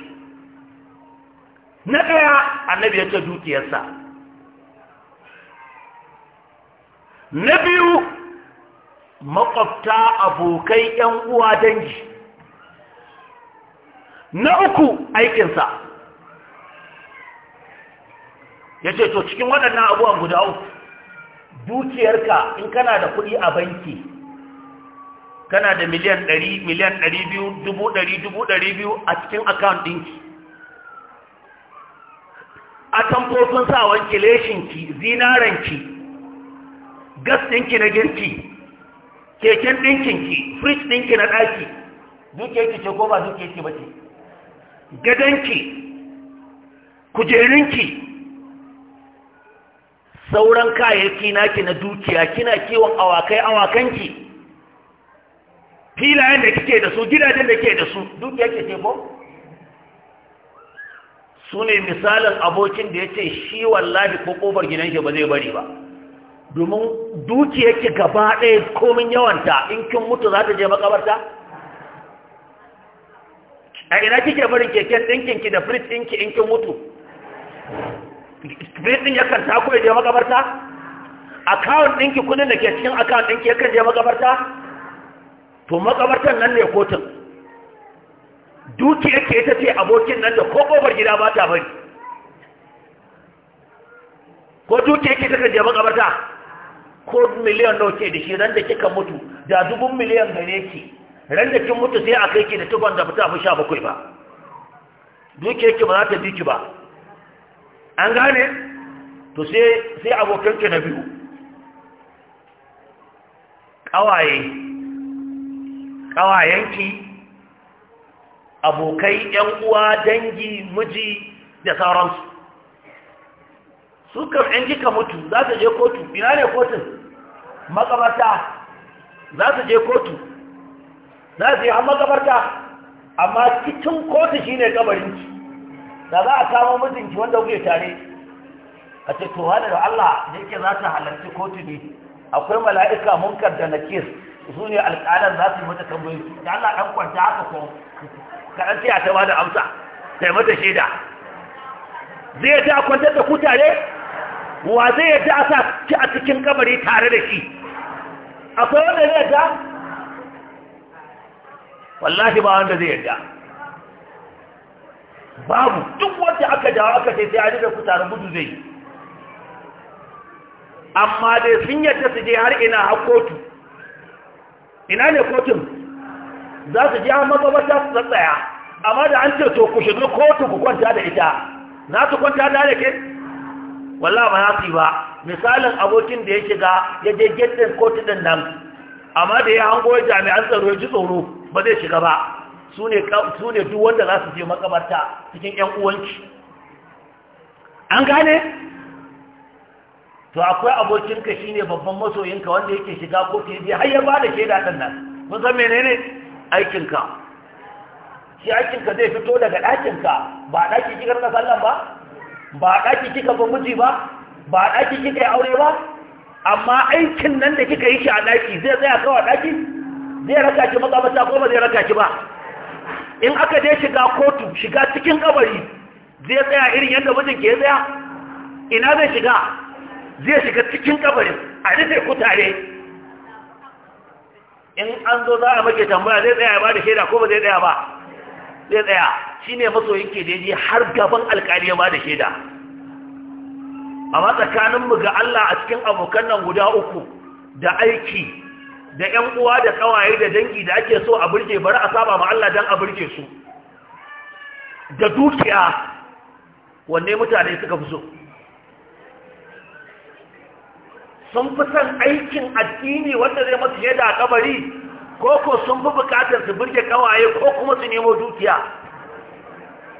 na ɗaya annabi ya ce dukiyarsa na biyu makwabta abokai ‘yan uwa dangi na uku aikinsa ya ce to cikin waɗannan abubuwan guda uku dukiyarka in kana da kuɗi a banki kana da miliyan ɗari, miliyan ɗari biyu, dubu ɗari, dubu ɗari biyu a cikin akawun ɗinki a tamfofin sawan kileshinki zinaranki gas ɗinki na girki keken ɗinkinki fridge ɗinki na ɗaki dukiyarki ce ko ba dukiyarki ba ce gadonki kujerinki sauran kayayyaki naki na dukiya kina kiwon awakai awakanki filayen da kike da su gidajen da ke da su yake ce ko su ne misalin abokin da ya ce shi wallahi ko ƙofar gidanki ba zai bari ba domin dukiyarki gaba ɗaya komin yawanta in kin mutu za ta je makabarta a ina kike barin keken ɗinkinki da frit ɗinki in kin mutu frit ɗin yakan tako ya je makabarta akawun ɗinki kudin da ke cikin akawun ɗinki yakan je makabarta to makabartan nan ne kotun dukiyarki ita ce abokin nan da ko ƙofar gida ba ta bari ko dukiyarki ta kan je makabarta ko miliyan nawa ke da shi ran da kika mutu da dubun miliyan gare ki ran da kin mutu sai a kai ki da tukon da fita fi sha bakwai ba duke ki ba za ta bi ki ba an gane to sai sai abokan ki na biyu kawaye kawayenki abokai yan uwa dangi miji da sauransu su kan in kika mutu za ta je kotu ina ne kotun makabarta za su je kotu za su yi a makabarta amma cikin kotu shi ne kabarinci da za a kama mijinki wanda kuke tare a ce to hana da Allah da yake za ta halarci kotu ne akwai mala'ika munkar da kis su ne alƙalan za su yi mata tambayi da Allah ɗan kwanta haka ko kaɗan sai a ta ba da amsa sai mata shaida zai ta kwantar da ku tare wa zai yadda a sa shi a cikin kamari tare da shi A wanda zai yadda wallahi ba wanda zai yadda babu duk wanda aka jawo aka sai sai ari da ku taron gudu zai amma da sun yadda su je har ina a kotu ina ne kotun za su je an magabata su tsaya amma da an ce to ku shiga kotu ku kwanta da ita Na su kwanta da ke Wala ba za su ba misalin abokin da ya shiga ya je gittin kotu din nan amma da ya hango jami'an tsaro ya ji tsoro ba zai shiga ba su ne duk wanda za su je makabarta cikin 'yan uwanci an gane to akwai abokinka shi ne babban masoyinka wanda yake shiga kotu ya je har ya ba da shaida ɗin nan mun san menene aikinka shi aikinka zai fito daga ɗakinka ba ɗaki shigar na sallan ba ba a ɗaki kika ba miji ba ba ɗaki kika yi aure ba amma aikin nan da kika yi shi a ɗaki zai tsaya a ɗaki zai raka ki makamata ko ba zai raka ki ba in aka dai shiga kotu shiga cikin kabari zai tsaya irin yadda mijin ke tsaya ina zai shiga zai shiga cikin kabarin a rufe ku tare in an zo za a make tambaya zai tsaya ba da shaida ko ba zai tsaya ba Ɗaya-ɗaya shi ne masoyin ke daidai har gaban alkali ma ba da shaida amma tsakaninmu ga Allah a cikin abokan nan guda uku da aiki da 'yan uwa da ƙawaye da dangi da ake so a burge bari a saba ma Allah don a birke su da dukiya wanne mutane suka fi so sun fi son aikin addini wanda zai masu shaida a kabari ko ko sun fi bukatar su burge kawaye ko kuma su nemo dukiya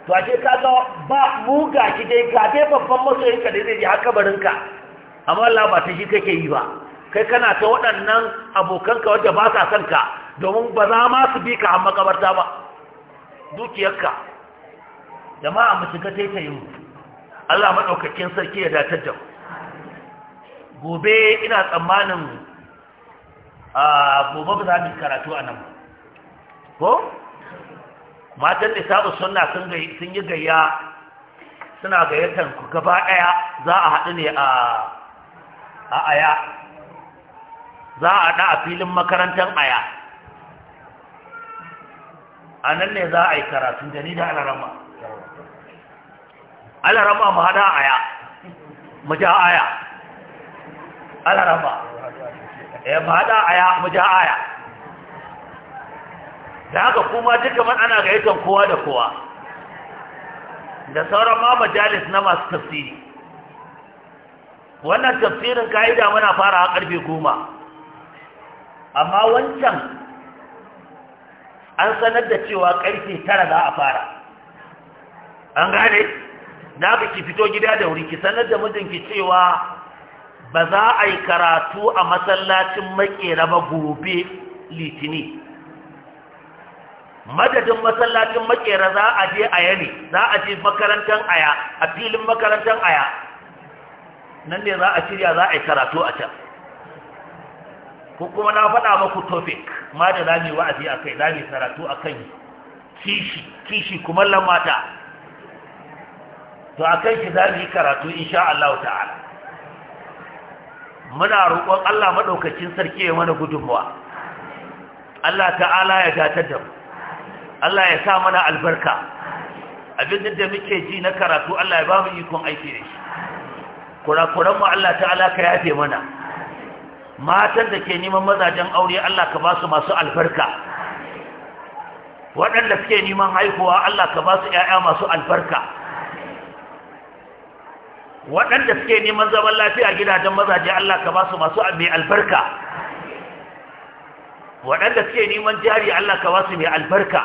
to ashe ga ba mu ga shi dai ga dai babban masoyin ka dai zai ji haka ka amma Allah ba ta shi kake yi ba kai kana ta waɗannan abokanka wanda ba sa son ka domin ba za ma su bi ka a makabarta ba dukiyarka jama'a mu shiga taitayin mu Allah maɗaukakin sarki ya datar da gobe ina tsammanin a gobe ba za mu karatu a nan ko matan nisabu sunna sun yi gayya suna gayyatar ku gaba daya za a haɗu ne a a aya za a haɗu a filin makarantar aya a nan ne za a yi karatu da ni da alarama alarama mu hada aya mu ja aya alarama ya eh, fada aya muja aya da haka kuma duka man ana gaitan kowa da kowa da sauran ma majalis na masu tafsiri wannan tafsirin ka'ida muna fara a karfe goma amma wancan an sanar da cewa karfe tara za a fara an gane na ki fito gida da wuri ki sanar da mijinki cewa ba za a yi karatu a masallacin makera ba gobe litini madadin masallacin makera za a je a ne za a je makarantar aya a filin makarantar aya nan ne za a shirya za a yi karatu a can ko kuma na faɗa maku topic ma da za mu yi wa'azi a kai za mu yi karatu a kan kishi kishi kuma lamata to a kan shi za mu yi karatu insha Allah ta'ala muna roƙon Allah maɗaukacin sarki ya mana gudunmuwa Allah ta'ala ya gatar da mu Allah ya sa mana albarka abin da muke ji na karatu Allah ya ba mu ikon aiki da shi kurakuranmu Allah ta'ala ka yafe mana matan da ke neman mazajen aure Allah ka ba su masu albarka waɗanda suke neman haihuwa Allah ka ba su ‘ya'ya masu albarka waɗanda suke neman zaman lafiya gidajen mazaje Allah ka ba su masu mai albarka waɗanda suke neman jari Allah ka ba su mai albarka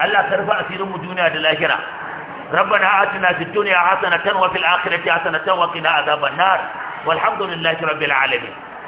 Allah ka rufa asirinmu duniya da lahira ربنا آتنا في الدنيا حسنة وفي الآخرة حسنة وقنا عذاب النار والحمد لله رب العالمين